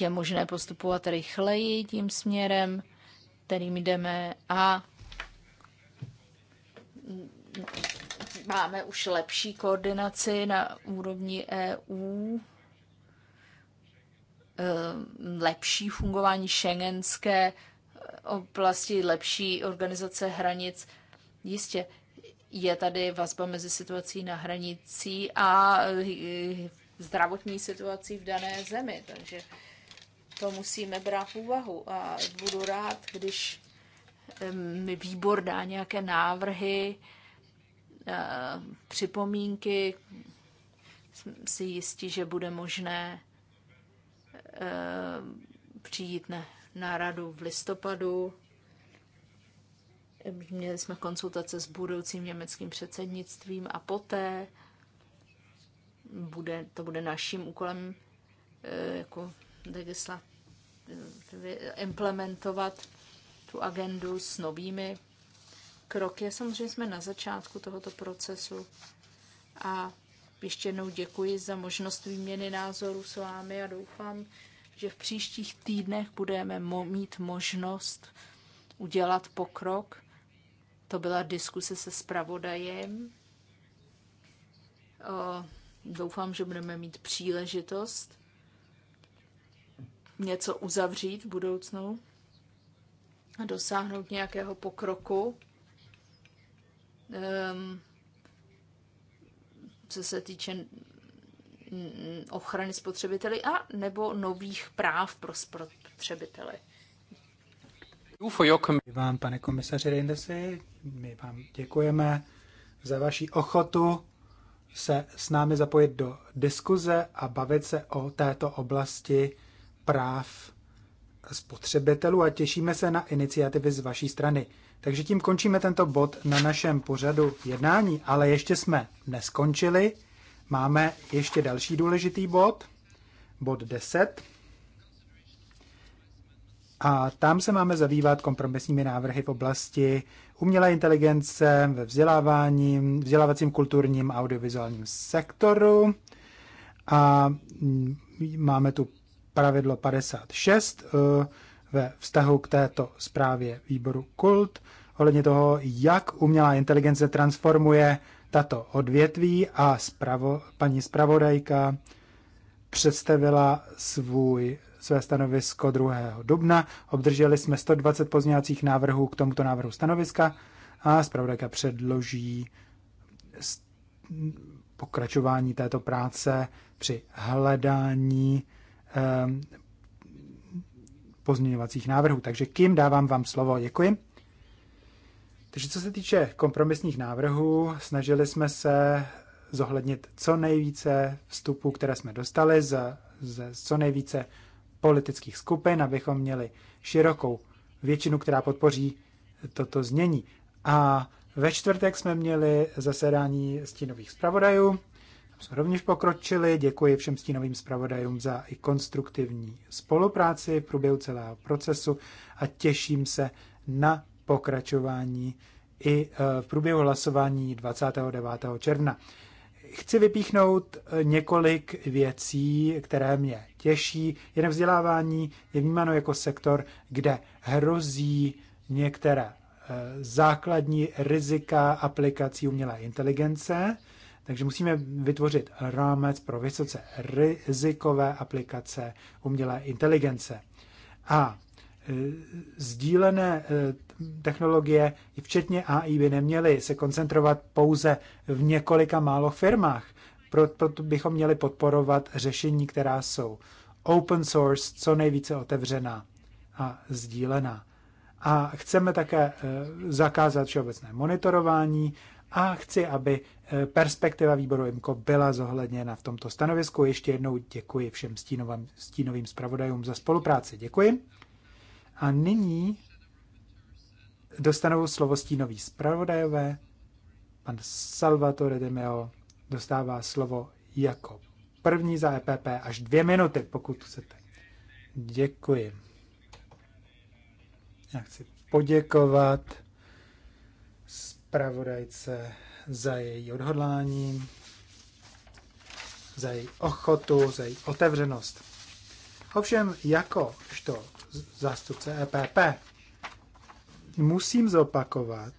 Je možné postupovat rychleji tím směrem, kterým jdeme a máme už lepší koordinaci na úrovni EU, eh, lepší fungování šengenské oblasti, lepší organizace hranic. Jistě, je tady vazba mezi situací na hranicí a eh, zdravotní situací v dané zemi. Takže to musíme brát v úvahu. A budu rád, když mi výbor dá nějaké návrhy, eh, připomínky. Jsem si jistí, že bude možné eh, přijít na, na radu v listopadu Měli jsme konzultace s budoucím německým předsednictvím a poté bude, to bude naším úkolem eh, jako implementovat tu agendu s novými kroky. Samozřejmě jsme na začátku tohoto procesu a ještě jednou děkuji za možnost výměny názorů s vámi a doufám, že v příštích týdnech budeme mít možnost udělat pokrok to byla diskuse se spravodajem. Doufám, že budeme mít příležitost něco uzavřít v budoucnu a dosáhnout nějakého pokroku. Ehm, co se týče ochrany spotřebiteli a nebo nových práv pro spotřebitele. Vám, pane komisaři Reindesi, my vám děkujeme za vaši ochotu se s námi zapojit do diskuze a bavit se o této oblasti práv spotřebitelů a těšíme se na iniciativy z vaší strany. Takže tím končíme tento bod na našem pořadu jednání, ale ještě jsme neskončili. Máme ještě další důležitý bod, bod 10. A tam se máme zabývat kompromisními návrhy v oblasti umělé inteligence ve vzdělávání, vzdělávacím kulturním audiovizuálním sektoru. A mm, máme tu pravidlo 56 eh, ve vztahu k této zprávě výboru Kult ohledně toho, jak umělá inteligence transformuje tato odvětví a spravo, paní zpravodajka představila svůj své stanovisko 2. dubna. Obdrželi jsme 120 pozměňovacích návrhů k tomuto návrhu stanoviska a zpravodajka předloží pokračování této práce při hledání ehm, pozměňovacích návrhů. Takže kým dávám vám slovo. Děkuji. Takže co se týče kompromisních návrhů, snažili jsme se zohlednit co nejvíce vstupů, které jsme dostali z, z co nejvíce politických skupin, abychom měli širokou většinu, která podpoří toto znění. A ve čtvrtek jsme měli zasedání stínových zpravodajů, tam jsme rovněž pokročili. Děkuji všem stínovým zpravodajům za i konstruktivní spolupráci v průběhu celého procesu a těším se na pokračování i eh, v průběhu hlasování 29. června. Chci vypíchnout eh, několik věcí, které mě těší. Jeden vzdělávání je vnímáno jako sektor, kde hrozí některé eh, základní rizika aplikací umělé inteligence, takže musíme vytvořit rámec pro vysoce rizikové aplikace umělé inteligence. A sdílené eh, technologie, včetně AI, by neměly se koncentrovat pouze v několika málo firmách. Proto bychom měli podporovat řešení, která jsou open source, co nejvíce otevřená a sdílená. A chceme také eh, zakázat všeobecné monitorování a chci, aby eh, perspektiva výboru IMCO byla zohledněna v tomto stanovisku. Ještě jednou děkuji všem stínovým, stínovým zpravodajům za spolupráci. Děkuji. A nyní dostanou slovo stínový zpravodajové. Pan Salvatore De Meo dostává slovo jako první za EPP až dvě minuty, pokud chcete. Děkuji. Já chci poděkovat zpravodajce za její odhodlání, za její ochotu, za její otevřenost. Ovšem, jakožto zástupce EPP, musím zopakovat,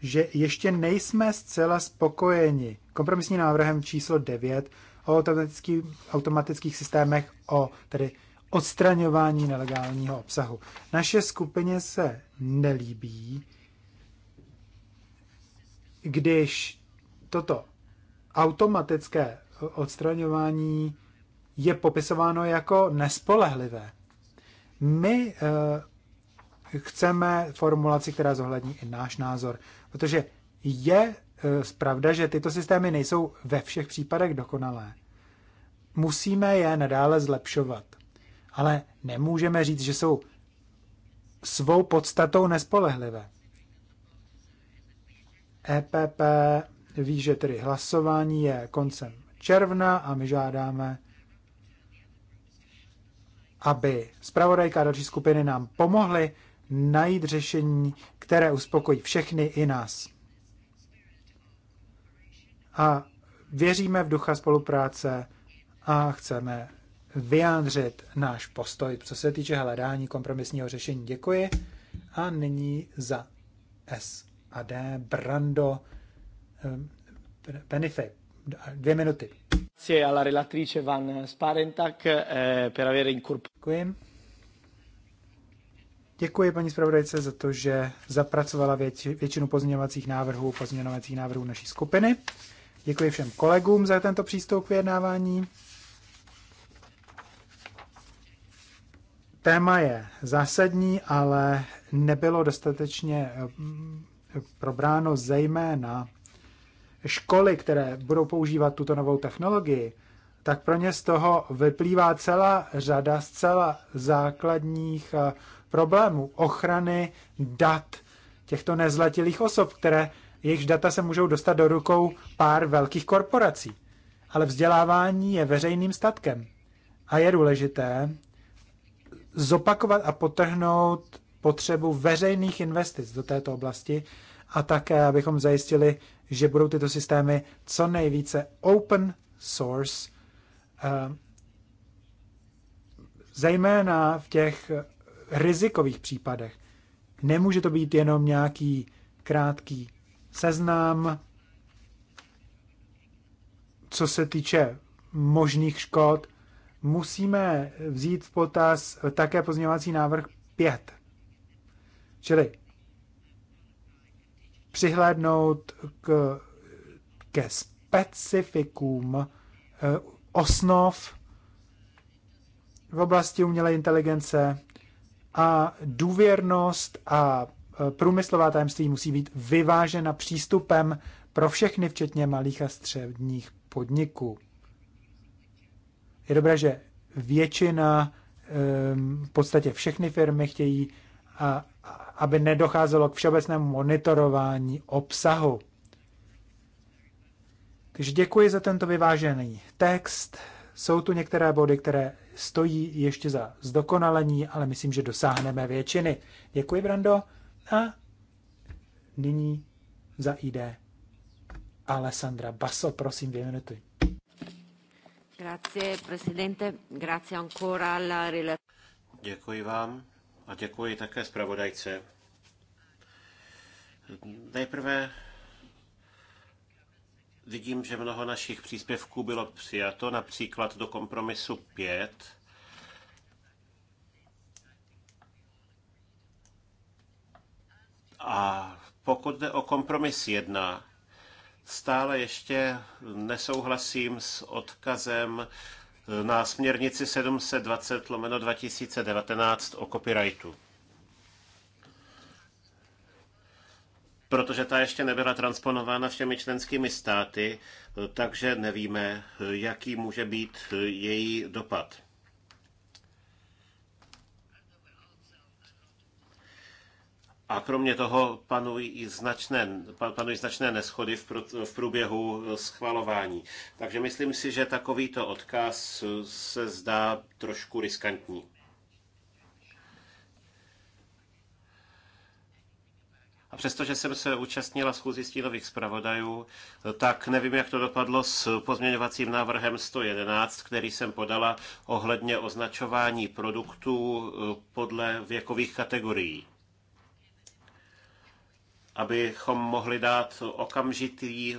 že ještě nejsme zcela spokojeni kompromisním návrhem číslo 9 o automatických, automatických systémech o tedy odstraňování nelegálního obsahu. Naše skupině se nelíbí, když toto automatické odstraňování je popisováno jako nespolehlivé. My uh, chceme formulaci, která zohlední i náš názor, protože je uh, pravda, že tyto systémy nejsou ve všech případech dokonalé. Musíme je nadále zlepšovat, ale nemůžeme říct, že jsou svou podstatou nespolehlivé. EPP ví, že tedy hlasování je koncem června a my žádáme aby zpravodajka a další skupiny nám pomohly najít řešení, které uspokojí všechny i nás. A věříme v ducha spolupráce a chceme vyjádřit náš postoj, co se týče hledání kompromisního řešení. Děkuji. A nyní za S a D Brando eh, Benefit. Dvě minuty. Eh, Děkuji. Děkuji paní zpravodajce za to, že zapracovala věč, většinu pozměňovacích návrhů, pozměňovacích návrhů naší skupiny. Děkuji všem kolegům za tento přístup k vyjednávání. Téma je zásadní, ale nebylo dostatečně eh, probráno zejména školy, které budou používat tuto novou technologii, tak pro ně z toho vyplývá celá řada zcela základních eh, problémů ochrany dat těchto nezletilých osob, které jejichž data se můžou dostat do rukou pár velkých korporací. Ale vzdělávání je veřejným statkem a je důležité zopakovat a potrhnout potřebu veřejných investic do této oblasti a také, abychom zajistili, že budou tyto systémy co nejvíce open source, eh, zejména v těch rizikových případech. Nemůže to být jenom nějaký krátký seznam, co se týče možných škod, musíme vzít v potaz také pozměňovací návrh 5. Čili přihlédnout k, ke specifikům eh, osnov v oblasti umělé inteligence a důvěrnost a eh, průmyslová tajemství musí být vyvážena přístupem pro všechny, včetně malých a středních podniků. Je dobré, že většina, eh, v podstatě všechny firmy chtějí a aby nedocházelo k všeobecnému monitorování obsahu. Takže děkuji za tento vyvážený text. Jsou tu některé body, které stojí ještě za zdokonalení, ale myslím, že dosáhneme většiny. Děkuji, Brando. A nyní za ID Alessandra Basso, prosím, dvě minuty. Grazie, presidente. Grazie ancora alla Děkuji vám. A děkuji také zpravodajce. Nejprve vidím, že mnoho našich příspěvků bylo přijato, například do kompromisu 5. A pokud jde o kompromis 1, stále ještě nesouhlasím s odkazem na směrnici 720 lomeno 2019 o copyrightu. Protože ta ještě nebyla transponována všemi členskými státy, takže nevíme, jaký může být její dopad. A kromě toho panují značné, panují značné neschody v průběhu schvalování. Takže myslím si, že takovýto odkaz se zdá trošku riskantní. A přestože jsem se účastnila schůzi stínových zpravodajů, tak nevím, jak to dopadlo s pozměňovacím návrhem 111, který jsem podala ohledně označování produktů podle věkových kategorií abychom mohli dát okamžitý,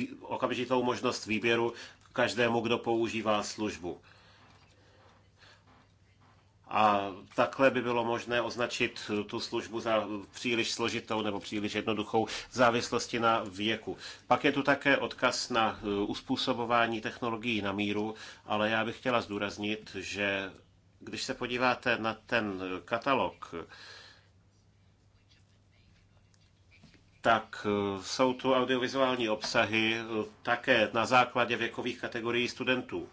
eh, okamžitou možnost výběru každému, kdo používá službu. A takhle by bylo možné označit tu službu za příliš složitou nebo příliš jednoduchou v závislosti na věku. Pak je tu také odkaz na eh, uspůsobování technologií na míru, ale já bych chtěla zdůraznit, že když se podíváte na ten katalog, tak e, jsou tu audiovizuální obsahy e, také na základě věkových kategorií studentů.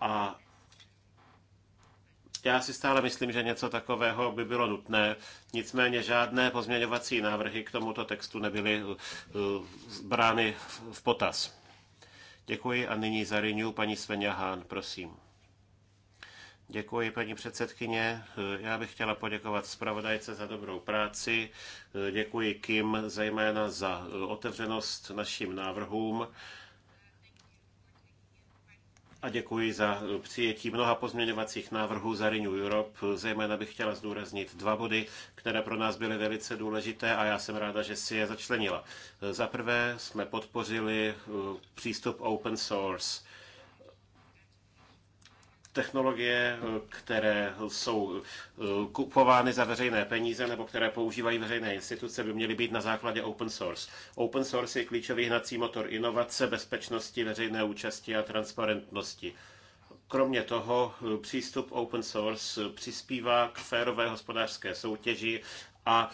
A já si stále myslím, že něco takového by bylo nutné, nicméně žádné pozměňovací návrhy k tomuto textu nebyly e, brány v potaz. Děkuji a nyní za paní Svenja Hán, prosím. Děkuji, paní předsedkyně. Já bych chtěla poděkovat zpravodajce za dobrou práci. Děkuji Kim zejména za otevřenost našim návrhům a děkuji za přijetí mnoha pozměňovacích návrhů za Renew Europe. Zejména bych chtěla zdůraznit dva body, které pro nás byly velice důležité a já jsem ráda, že si je začlenila. Za prvé jsme podpořili eh, přístup open source technologie, které jsou eh, kupovány za veřejné peníze nebo které používají veřejné instituce, by měly být na základě open source. Open source je klíčový hnací motor inovace, bezpečnosti, veřejné účasti a transparentnosti. Kromě toho eh, přístup open source eh, přispívá k férové hospodářské soutěži a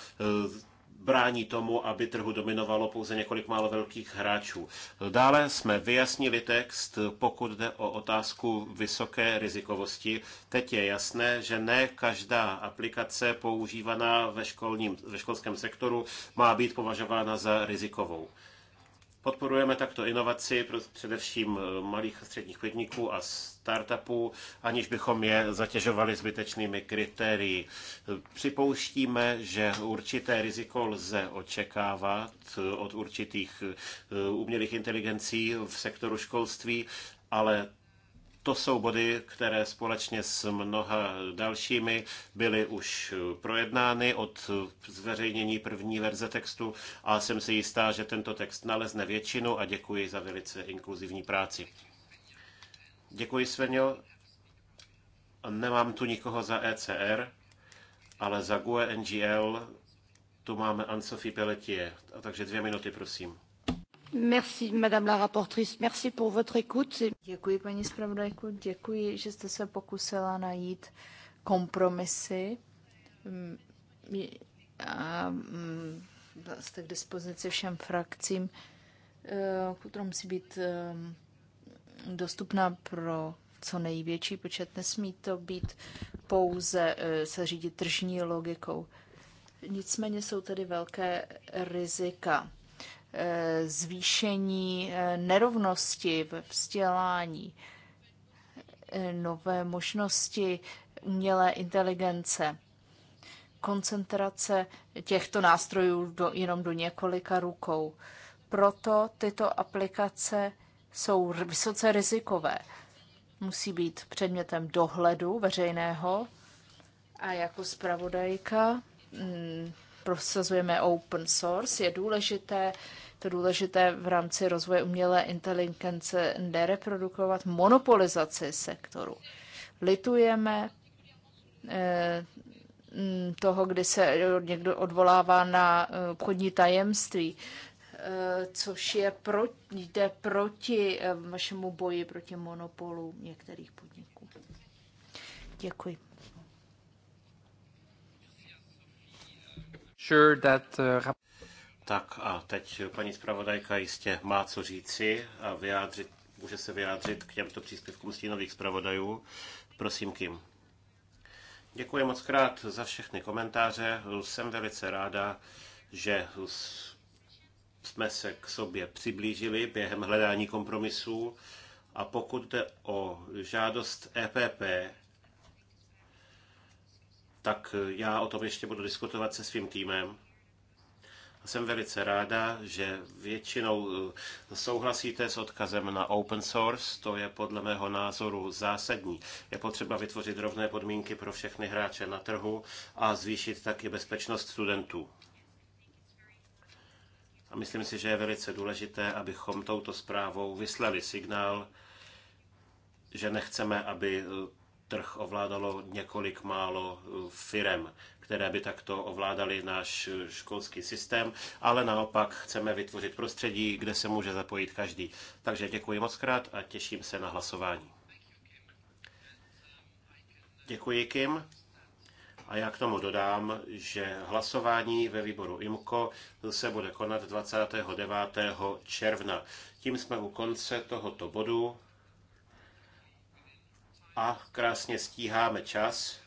brání tomu, aby trhu dominovalo pouze několik málo velkých hráčů. Dále jsme vyjasnili text, pokud jde o otázku vysoké rizikovosti. Teď je jasné, že ne každá aplikace používaná ve, školním, ve školském sektoru má být považována za rizikovou. Podporujeme takto inovaci především eh, malých a středních podniků a startupů, aniž bychom je zatěžovali zbytečnými kritérii. Připouštíme, že určité riziko lze očekávat eh, od určitých eh, umělých inteligencí v sektoru školství, ale to jsou body, které společně s mnoha dalšími byly už projednány od zveřejnění první verze textu a jsem si jistá, že tento text nalezne většinu a děkuji za velice inkluzivní práci. Děkuji, Svenio. Nemám tu nikoho za ECR, ale za GUE NGL tu máme Ansofi Pelletier. A takže dvě minuty, prosím. Merci, madame la Merci pour votre écoute. Děkuji, paní zpravodajko. Děkuji, že jste se pokusila najít kompromisy. Mm, a mm, jste k dispozici všem frakcím, eh, která musí být eh, dostupná pro co největší počet. Nesmí to být pouze eh, se řídit tržní logikou. Nicméně jsou tady velké rizika Eh, zvýšení eh, nerovnosti ve vzdělání, eh, nové možnosti umělé inteligence, koncentrace těchto nástrojů do, jenom do několika rukou. Proto tyto aplikace jsou vysoce rizikové. Musí být předmětem dohledu veřejného a jako zpravodajka mm, prosazujeme open source, je důležité, to důležité v rámci rozvoje umělé inteligence nereprodukovat monopolizaci sektoru. Litujeme eh, toho, kdy se někdo odvolává na eh, obchodní tajemství, eh, což je pro, jde proti vašemu boji proti monopolu některých podniků. Děkuji. Uh, tak a teď paní zpravodajka jistě má co říci a vyjádřit, může se vyjádřit k těmto příspěvkům stínových zpravodajů. Prosím, Kim. Děkuji moc krát za všechny komentáře. Jsem velice ráda, že jsme se k sobě přiblížili během hledání kompromisů. A pokud jde o žádost EPP, tak eh, já o tom ještě budu diskutovat se svým týmem. Jsem velice ráda, že většinou eh, souhlasíte s odkazem na open source, to je podle mého názoru zásadní. Je potřeba vytvořit rovné podmínky pro všechny hráče na trhu a zvýšit taky bezpečnost studentů. A myslím si, že je velice důležité, abychom touto zprávou vyslali signál, že nechceme, aby eh, trh ovládalo několik málo eh, firem, které by takto ovládaly náš eh, školský systém, ale naopak chceme vytvořit prostředí, kde se může zapojit každý. Takže děkuji moc krát a těším se na hlasování. Děkuji, Kim. A já k tomu dodám, že hlasování ve výboru IMKO se bude konat 29. června. Tím jsme u konce tohoto bodu a krásně stíháme čas.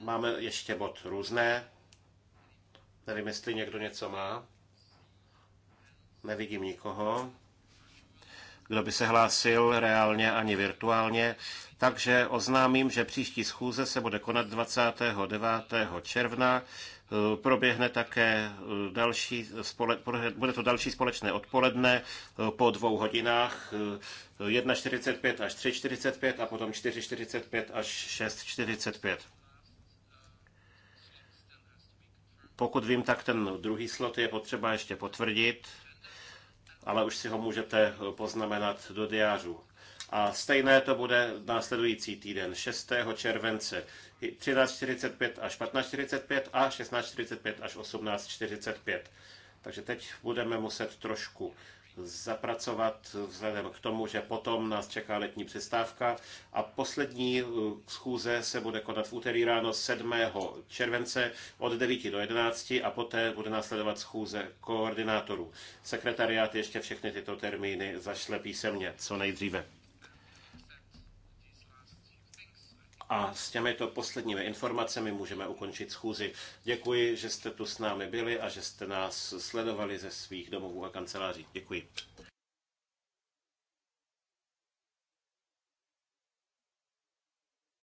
Máme ještě bod různé. Nevím, jestli někdo něco má. Nevidím nikoho, kdo by se hlásil reálně ani virtuálně. Takže oznámím, že příští schůze se bude konat 29. června Proběhne také eh, další, spole, bude to další společné odpoledne eh, po dvou hodinách 1.45 eh, až 3.45 a potom 4.45 až 6.45. Pokud vím, tak ten druhý slot je potřeba ještě potvrdit, ale už si ho můžete poznamenat do diářů. A stejné to bude následující týden, 6. července. 13.45 až 15.45 a 16.45 až 18.45. Takže teď budeme muset trošku zapracovat vzhledem k tomu, že potom nás čeká letní přestávka a poslední eh, schůze se bude konat v úterý ráno 7. července od 9 do 11 a poté bude následovat schůze koordinátorů. Sekretariát ještě všechny tyto termíny zašle písemně co nejdříve. A s těmito posledními informacemi můžeme ukončit schůzi. Děkuji, že jste tu s námi byli a že jste nás sledovali ze svých domovů a kanceláří. Děkuji.